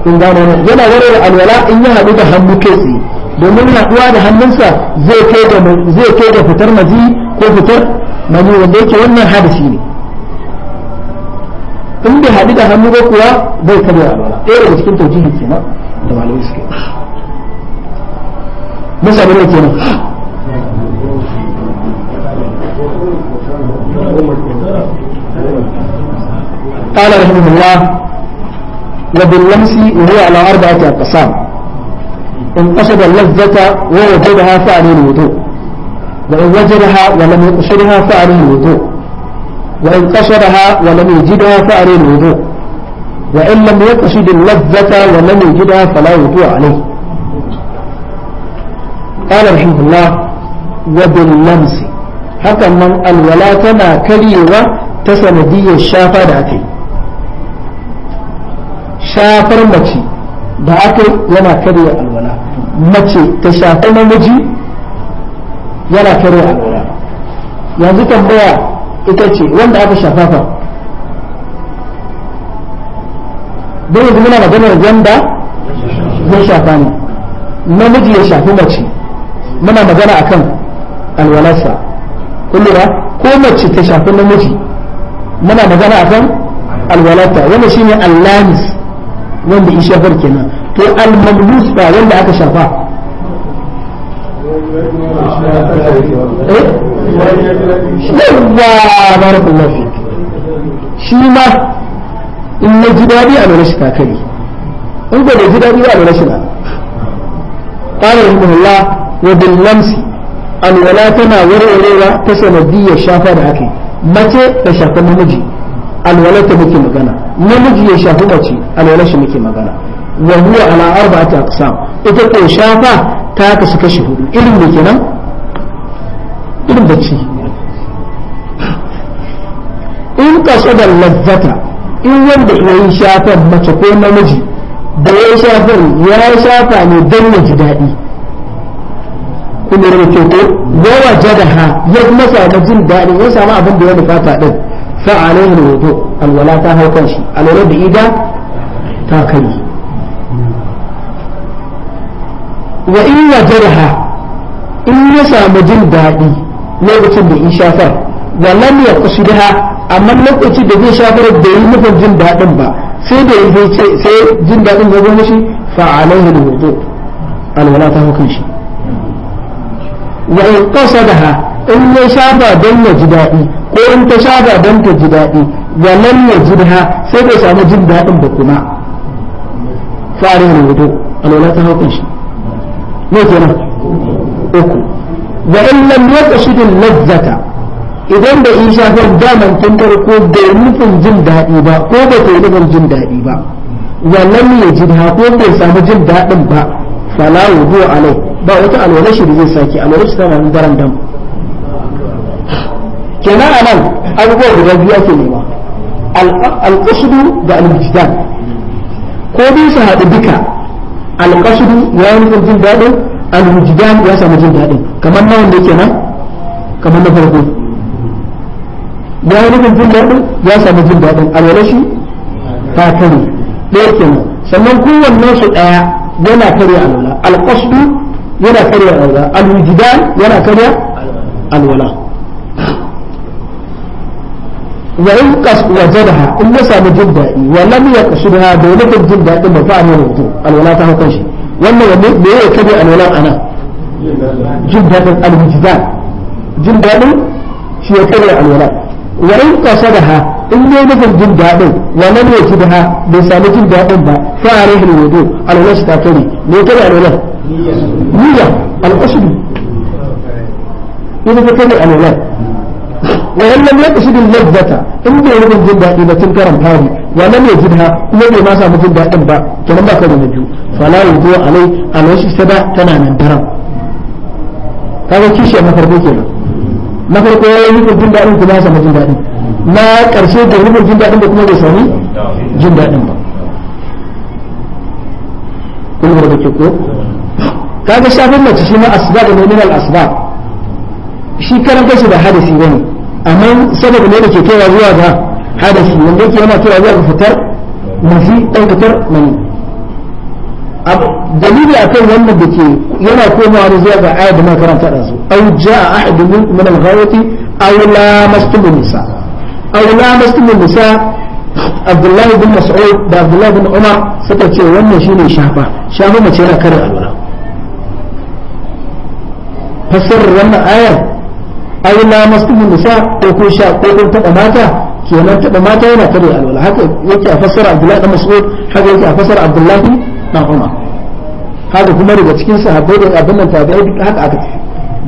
kun gano yana warware alwala in ya haɗu da hannu kai tsaye domin haɗuwa da hannunsa zai kai da zai kai da fitar maji ko fitar mani wanda yake wannan hadisi ne in bai haɗu da hannu ba kuwa zai karya ba ɗaya daga cikin taujihi kenan da malamai suke musa ne kenan قال رحمه الله وباللمس وهو على أربعة أقسام إن قصد اللذة ووجدها فعليه الوضوء وإن وجدها ولم يقصدها فعليه الوضوء وإن قصدها ولم يجدها فعليه الوضوء وإن لم يقصد اللذة ولم يجدها فلا وضوء عليه قال رحمه الله وباللمس حتى من الولاة ما كلي ta sanadiyyar shafa da da aka yana karya alwala mace ta shafi namiji yana karya alwala yanzu tambaya ita ce wanda aka shafa fa? don yanzu muna maganar wanda ya shafa ne namiji ya shafi mace muna magana akan alwalarsa ba ko mace ta shafi namiji muna magana akan alwalarta wanda shine allamis wanda in shafar kenan to al-mamlus ba wanda aka shafa eh? yawwa barakallahu fik shi ma in na ji daɗi a lura shi kakari in ba da ji daɗi ba a lura shi ba ƙwarar rahimahullah wa bil lamsi alwala tana warwarewa ta sanadiyyar shafa da aka mace da shafan namiji alwalata muke magana namiji ya shafi mace alwalar shi muke magana wa huwa ala arba'ati aqsam ita ko shafa ta kasu kashi hudu irin da kenan irin bacci in kaso da lazzata in wanda ya shafan mace ko namiji da ya shafan ya shafa ne dan ya ji daɗi kuma da ke ko yawa jadaha ya kuma samu jin daɗi ya samu abin da ya bukata ɗin فعليه الوضوء الولاء تاهو كنشي الولاء بإيدا تاكلي وإن وجدها إن يسام جلدادي لوقت بإشافر ولم يقصدها أما لوقت بإشافر الدين نفر جلدادن با سيدي سي جلدادن يقول فعليه الوضوء الولاء تاهو كنشي وإن قصدها إن يسام دون جدادي ko in ta shafa don ta ji daɗi ya ji daɗi sai bai samu jin daɗin ba kuma farin rubutu alwala ta hau shi ne nan uku wa in lam yaqsid al-lazzata idan da in shafar daman tun farko bai nufin jin daɗi ba ko ba ta nufin jin daɗi ba wa lam yajidha ko bai samu jin daɗin ba fala wudu alai ba wata alwala shi da zai saki alwala shi tana nan daren damu kenan anan da guda biyu ake nema alƙasudu da alwujdan ko dai su haɗu duka ya yi jin daɗin alwujdan ya samu jin daɗin kamar na wanda kenan kamar na farko ya yi jin daɗin ya samu jin daɗin alwalashi ta kare ɗaya kenan sannan kowanne su ɗaya yana karya alwala alƙasudu yana karya yana karya alwala وإن قص وجدها إن سام جدا ولم يقصدها دولة جدا إما فعل الوضوء الولاء فهو قنشي وأن ليه كبير الولاء أنا جدا الوجدان جدا شيء كبير الولاء وإن قصدها إن ليه مثل جدا ولم يجدها بسام جدا إما فعله الوضوء الولاء ستاتوني ليه كبير الولاء نية الأصل إذا كبير الولاء wa yan lam yaqsid al ladzata in bai yi jin daɗi ba tun karan fari wa lam yajidha kuma bai ma samu jin daɗin ba kenan ba karo na biyu fala yudu alai alwashi sada tana nan daram kaga kishi na farko kenan na farko ya jin daɗin kuma ya samu jin daɗin na ƙarshe da yi jin daɗin da kuma bai sami jin daɗin ba kun da ke ko shafin mace shi ma asbab ne shi karan kashi da hadisi bane amma sabab ne da ke kaiwa zuwa ga hadasi wanda yake yana kaiwa zuwa ga fitar mafi ɗan fitar mani dalili a kan wannan da ke yana komawa da zuwa ga ayat da makaranta da su au ja'a ahadun minkum min al-ghawati aw lamastumun nisa aw lamastumun nisa Abdullahi bin Mas'ud da Abdullahi bin Umar suka ce wannan shine shafa shafa mace yana karin alwala fassarar wannan ayar ai la mastum nisa ko kun sha ko kun taba mata kenan taba mata yana tare alwala haka yake a fassara Abdullahi dan Mas'ud haka yake a fassara Abdullahi dan Umar haka kuma daga cikin sahabbai da abin nan tabi'ai duk haka aka tafi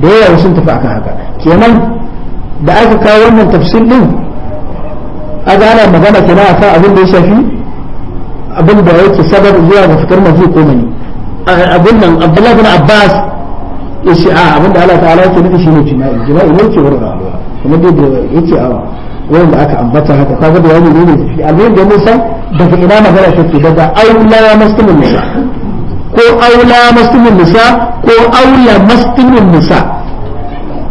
da yawa sun tafi akan haka kenan da aka kawo wannan tafsir din aga ana magana kenan akan abin da ya shafi abin da yake sabab zuwa ga fitar mazi komai mani abin nan Abdullahi bin Abbas ya ce a abinda Allah ta'ala yake nufi shine jima'i jima'i ne yake wurin rayuwa kuma dai da yake a wanda aka ambata haka kaga da wani ne ne fi almin da musan daga ina magana take daga aula muslimin nisa ko aula muslimin nisa ko aula muslimin nisa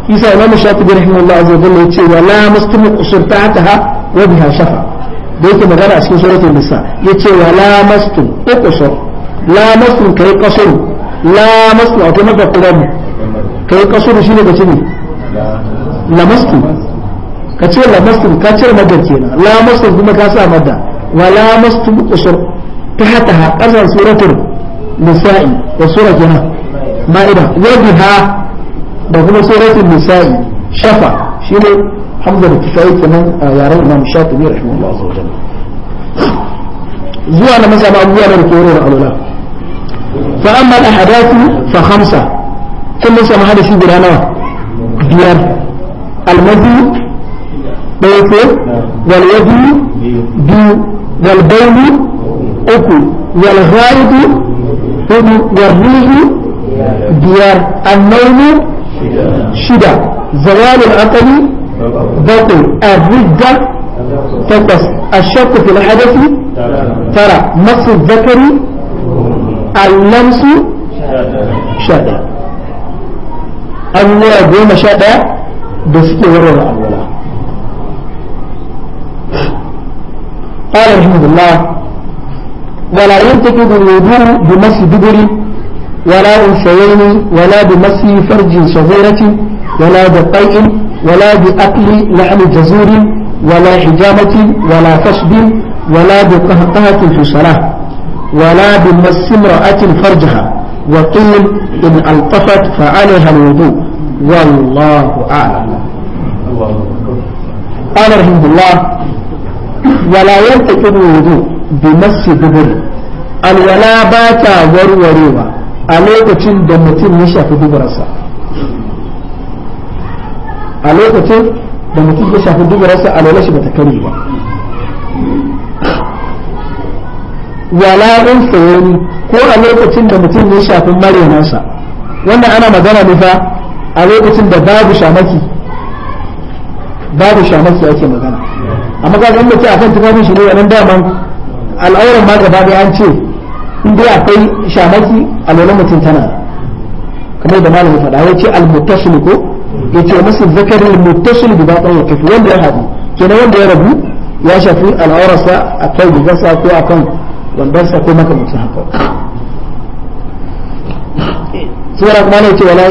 isa imamu shafi'i rahimahullah azza wa jalla yace wala muslimin usurtataha wa biha shafa da yake magana a cikin suratul nisa yace wala muslim uqsur la muslim kai qasur la muslim wato maka kuran kai kasuru shine ka ce ne lamastu ka ce lamastu ka ce madda kenan lamastu kuma ka sa madda wa lamastu qasur ta hata ha kasan suratul nisa'i wa sura kenan ma'ida wa biha da kuma suratul nisa'i shafa shine hamza da kifai kenan a yaren imam shatibi rahimahullah azza wa jalla zuwa na masaba abubuwa da ke wurin alwala fa amma al-ahdathu fa khamsa كل سنة هذا شو جرانا ديار المزي بيكو واليدي دي والبول أكو والغارب هم والريه ديار النوم شدا زوال العقل بطل الرجة تقص الشك في الحدث ترى مص الذكر اللمس شدا abubuwa goma sha ɗaya da suke alwala قال رحمه الله ولا ينتقد الوضوء بمس دبر ولا أنثيين ولا بمس فرج صغيرة ولا بقيء ولا بأكل لحم جزور ولا حجامة ولا فشد ولا بقهقهة في صلاة ولا بمس امرأة فرجها وقيل إن ألطفت فعليها الوضوء والله أعلم قال رحمه الله ولا ينتقض الوضوء بمس دبر الولا باتا وروريوا عليك تشد متين يشاف دبرسا a lokacin da mutum ya shafi dubararsa a lalashi ba ta karye ba wala unsayani ko a lokacin da mutum ya shafi maryamansa wannan ana magana ne fa a lokacin da babu shamaki babu shamaki ake magana amma ga wanda ke akan tufafin shi ne nan daman al'auran ma gaba da an ce in dai akwai shamaki a lolan mutum tana kamar da malamin faɗa ya ce al-muttasil ko ya ce masu zakarin muttasil bi baɗin ya kafi wanda ya haɗu kenan wanda ya rabu ya shafi al'aurarsa a kai sa ko akan sa ko makamancin haka sura kuma ne ce wala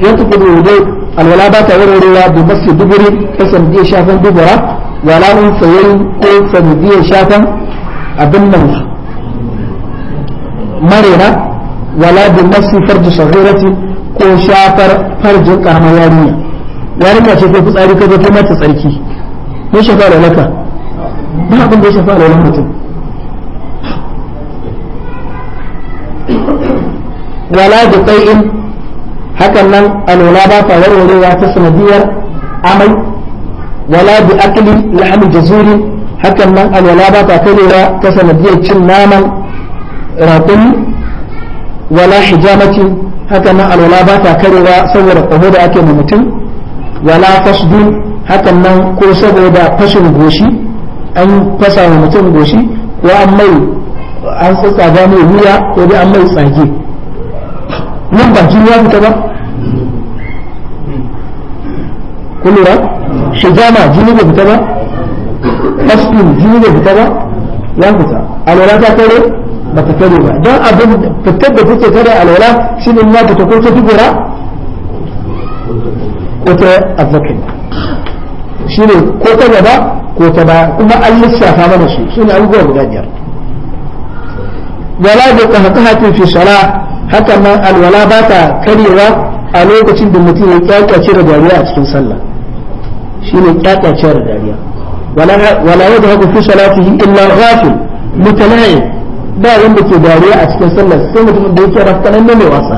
ya tuku da wudu alwala ba ta wani ruwa da masu duburi ta sanadiyar shafan dubara. wala mun tsayayi ko sanadiyar shafan abin nan marina wala da masu farji shagirati ko shafar farjin karamar yarinya yarinya ce ko fitsari ka zo kai mata tsarki mun shafa da laka ba abin da ya shafa da wani mutum wala da tsayin hakan nan a alwala ba ta warwarewa ta sanadiyar amai wala da bi na lahmi jazuri hakan nan a alwala ba ta karewa ta sanadiyar cin naman raƙumi wala hijamati hakan nan a alwala ba ta karewa saboda ƙaho da ake ma mutum wala fasdu hakan nan ko saboda fashin goshi an fasa wa mutum goshi ko an mai an tsatsaga mai wuya ko dai an mai tsage من بحجين يا فتبا كل رب شجامة جنوب فتبا مسلم جنوب فتبا يا فتبا على لا تتري ما تتري ما دا أبن تتبع تتري على لا شين الله تتقول تتبرا كتا أذكر شين كتا جبا كتا با كما ألسا فامنا شين شين ألغو بغادير ولا بقهقهة في صلاه haka nan alwala ba ta karewa a lokacin da mutum ya kyakyace da dariya a cikin sallah shine kyakyace da dariya wala yadda haka fi salatihi illa ghafil mutanai ba wanda ke dariya a cikin sallah sai mutum da yake rafkanan ne mai wasa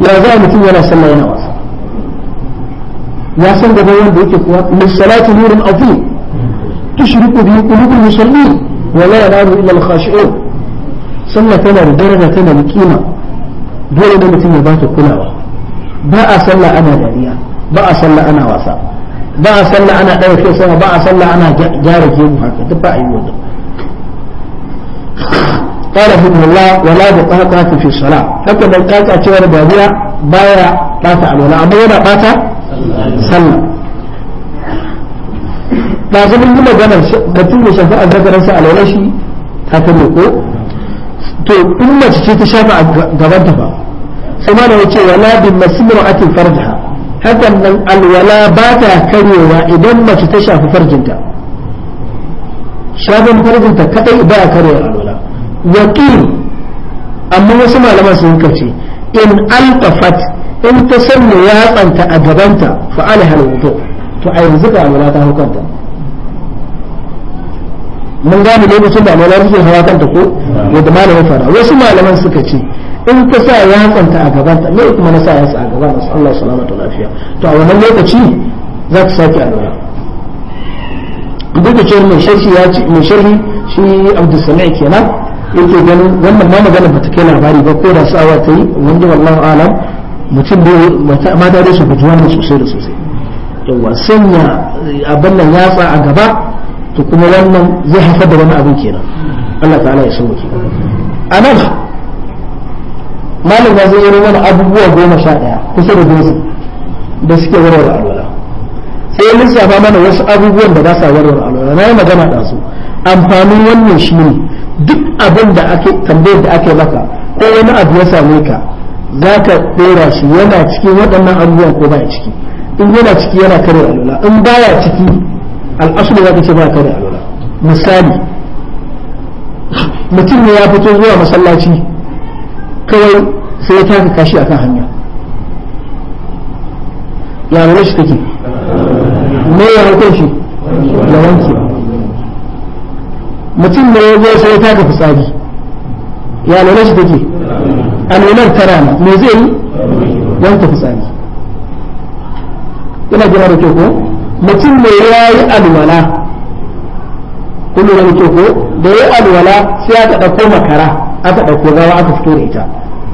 ya za mutum yana sallah yana wasa ya san gaba wanda yake kuwa min salati nurun azim tushriku bi qulubil muslimin wala yanamu illa al-khashi'un sallah tana da daraja tana da kima dole ne mutum ya ba ta kulawa ba a sallah ana dariya ba a sallah ana wasa ba a sallah ana ɗaya sama ba a sallah ana gyara gemu haka duk ba a yi wannan قال رحمه الله ولا بقاقة في الصلاة حتى بقاقة تشير بابيا بايا باتا الولاء أما ينا باتا صلى لازم نقول لنا بتقول شفاء ذكر سأل ولا شيء haka ne ko to in mace ce ta shafa a gabanta ba sai ma da ce wala bi masmur'atin farjaha hakan nan alwala ba ta karyewa idan mace ta shafi farjinta shafin farjinta kadai ba ya karyewa alwala wakil amma wasu malaman sun kace in alqafat in ta sanya yatsanta a gabanta fa alaiha alwudu to a yanzu ga alwala ta hukanta mun gane lokacin da malama suke hawa kanta ko wanda malamin fara wasu malaman suka ce in ka sa yatsanta a gabanta ne kuma na sa yatsa a gaban su Allah salamatu lafiya to a wannan lokaci za ta sake alwala duk da cewa mai sharhi ya ce mai sharhi shi Abdulsami kenan yake ganin wannan ma magana ba ta kai labari ba ko da sawa ta yi wanda wallahu alam mutum da mata da su guji wannan sosai da sosai yawa sanya abin nan yatsa a gaba to kuma wannan zai haifar da wani abin kenan Allah ta'ala ya sauke anan malam ya zai yi mana abubuwa goma sha ɗaya kusa da dozin da suke warware alwala sai mun lissafa mana wasu abubuwan da ba sa warware alwala na yi magana da su amfanin wannan shi ne duk abin da ake tambayar da ake maka ko wani abu ya same ka za ka ɗora shi yana cikin waɗannan abubuwan ko baya ciki in yana ciki yana kare alwala in baya ciki al'asulu za ka ce ba ka da misali mutum ne ya fito zuwa masallaci kawai sai ya taka kashi akan hanya ya alwala shi take me ya hukun shi ya wanke mutum ne ya zo sai ya taka fitsari ya alwala shi take alwalar tara me zai yi wanke fitsari yana gina da kyau ko mutum ne ya yi alwala kuma da muke ko da ya alwala sai aka ɗauko makara aka ɗauko gawa aka fito da ita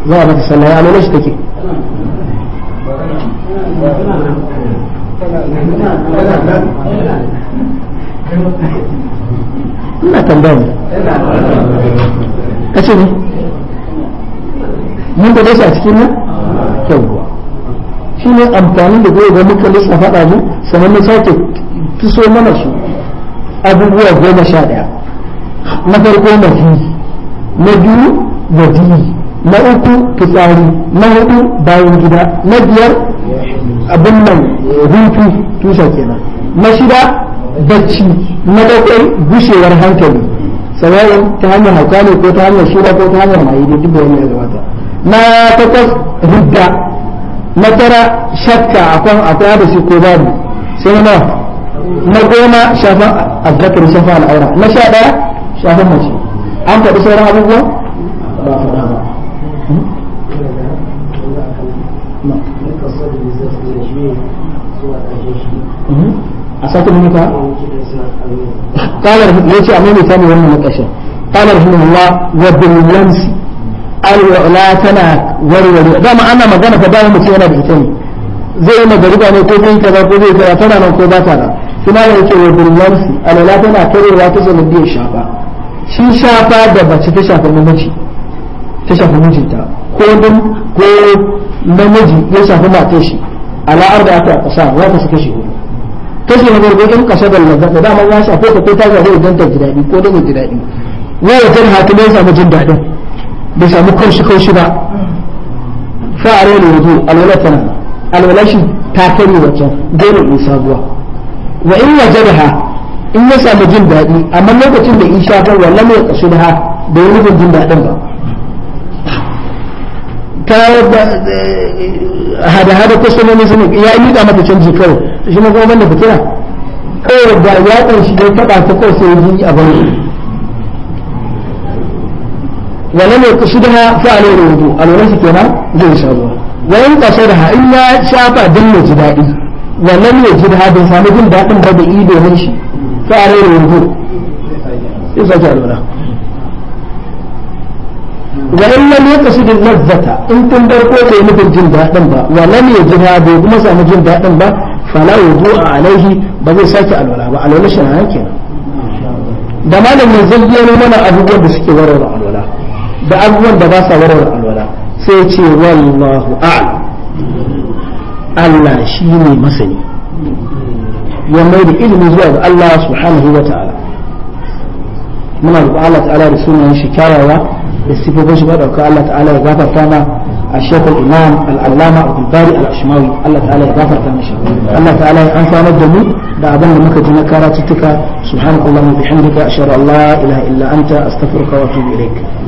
za a mata sallah ya alwala shi take ina tambaya ne kace ne mun da shi a cikin nan kyau shi ne amfanin da zai ga muka lissa faɗa mu sannan na sake kiso mana su abubuwa goma sha ɗaya na farko mafi na biyu wadi na uku fitsari na hudu bayan gida na biyar abin nan hutu tusa kenan na shida bacci na bakwai gushewar hankali sawayin ta hanyar hauka ne ko ta hanyar shura ko ta hanyar mayi da duk da yanayi ya gabata na takwas rudda na tara shakka akan akwai hadasi ko babu sai na na goma shafa azzakar shafan al'aura na sha daya shafan mace an faɗi sauran abubuwa a sake mimita alwala tana warware dama ana magana fa dama mace yana da ita ne zai yi magariba ne ko zai kaza ko zai kaza tana nan ko ba ta nan kuma da yake wa burlansu alwala tana karewa ta zama biyan shafa shi shafa da mace ta shafa namiji ta shafa mijinta ko dun ko namiji ya shafa matar shi ala'ar da aka kasa ya kasu suka hudu kashi na farko in kasa da da dama ya shafa ko ta zaɓe idan ta ji daɗi ko da mai ji daɗi wayar jarha ta samu jin daɗin bai samu kaushi-kaushi ba fa'are ne wudu alwala tana alwala shi ta kare wajen dole in sabuwa wa in wajadaha in ya samu jin daɗi amma lokacin da in sha kan walla mai kasu da ha da yi nufin jin daɗin ba ta eh, hada-hada ko sunan sun ya yi miƙa mata canji kawai shi ma kuma banda fitina kawai da ya ɗan don taɓa ta kawai sai yi a bangare ولم يقصدها فعليه الوضوء الوضوء كنا زي شابه وإن قصدها إلا شافا دم جدائي ولم يجدها بإنسان جن باقم بدئي دومنشي فعليه الوضوء إذا جاء الولاء وإن لم يقصد اللذة إن كنت بركو قيمة الجن باقم با ولم يجدها بإنسان سام جن باقم با فلا وضوء عليه بذي ساكي الولاء وعلى الولاء شنعان كنا da malamin zai yi mana abubuwan da suke warwara da abubuwan da ba sa warware alwala sai ce wallahu a'lam Allah shi ne masani ya mai da ilimi zuwa ga Allah subhanahu wa ta'ala muna roƙon Allah ta'ala da sunan shi kyawawa da sifofin shi ba dauka Allah ta'ala ya gafarta mana الشيخ الإمام العلامة أبو الباري الأشماوي الله تعالى يغفر تمشي الله تعالى أنفعنا الدمو da abin da muka ji na karatuttuka subhanallahi wa bihamdika ashhadu an la ilaha illa anta astaghfiruka wa atubu ilaik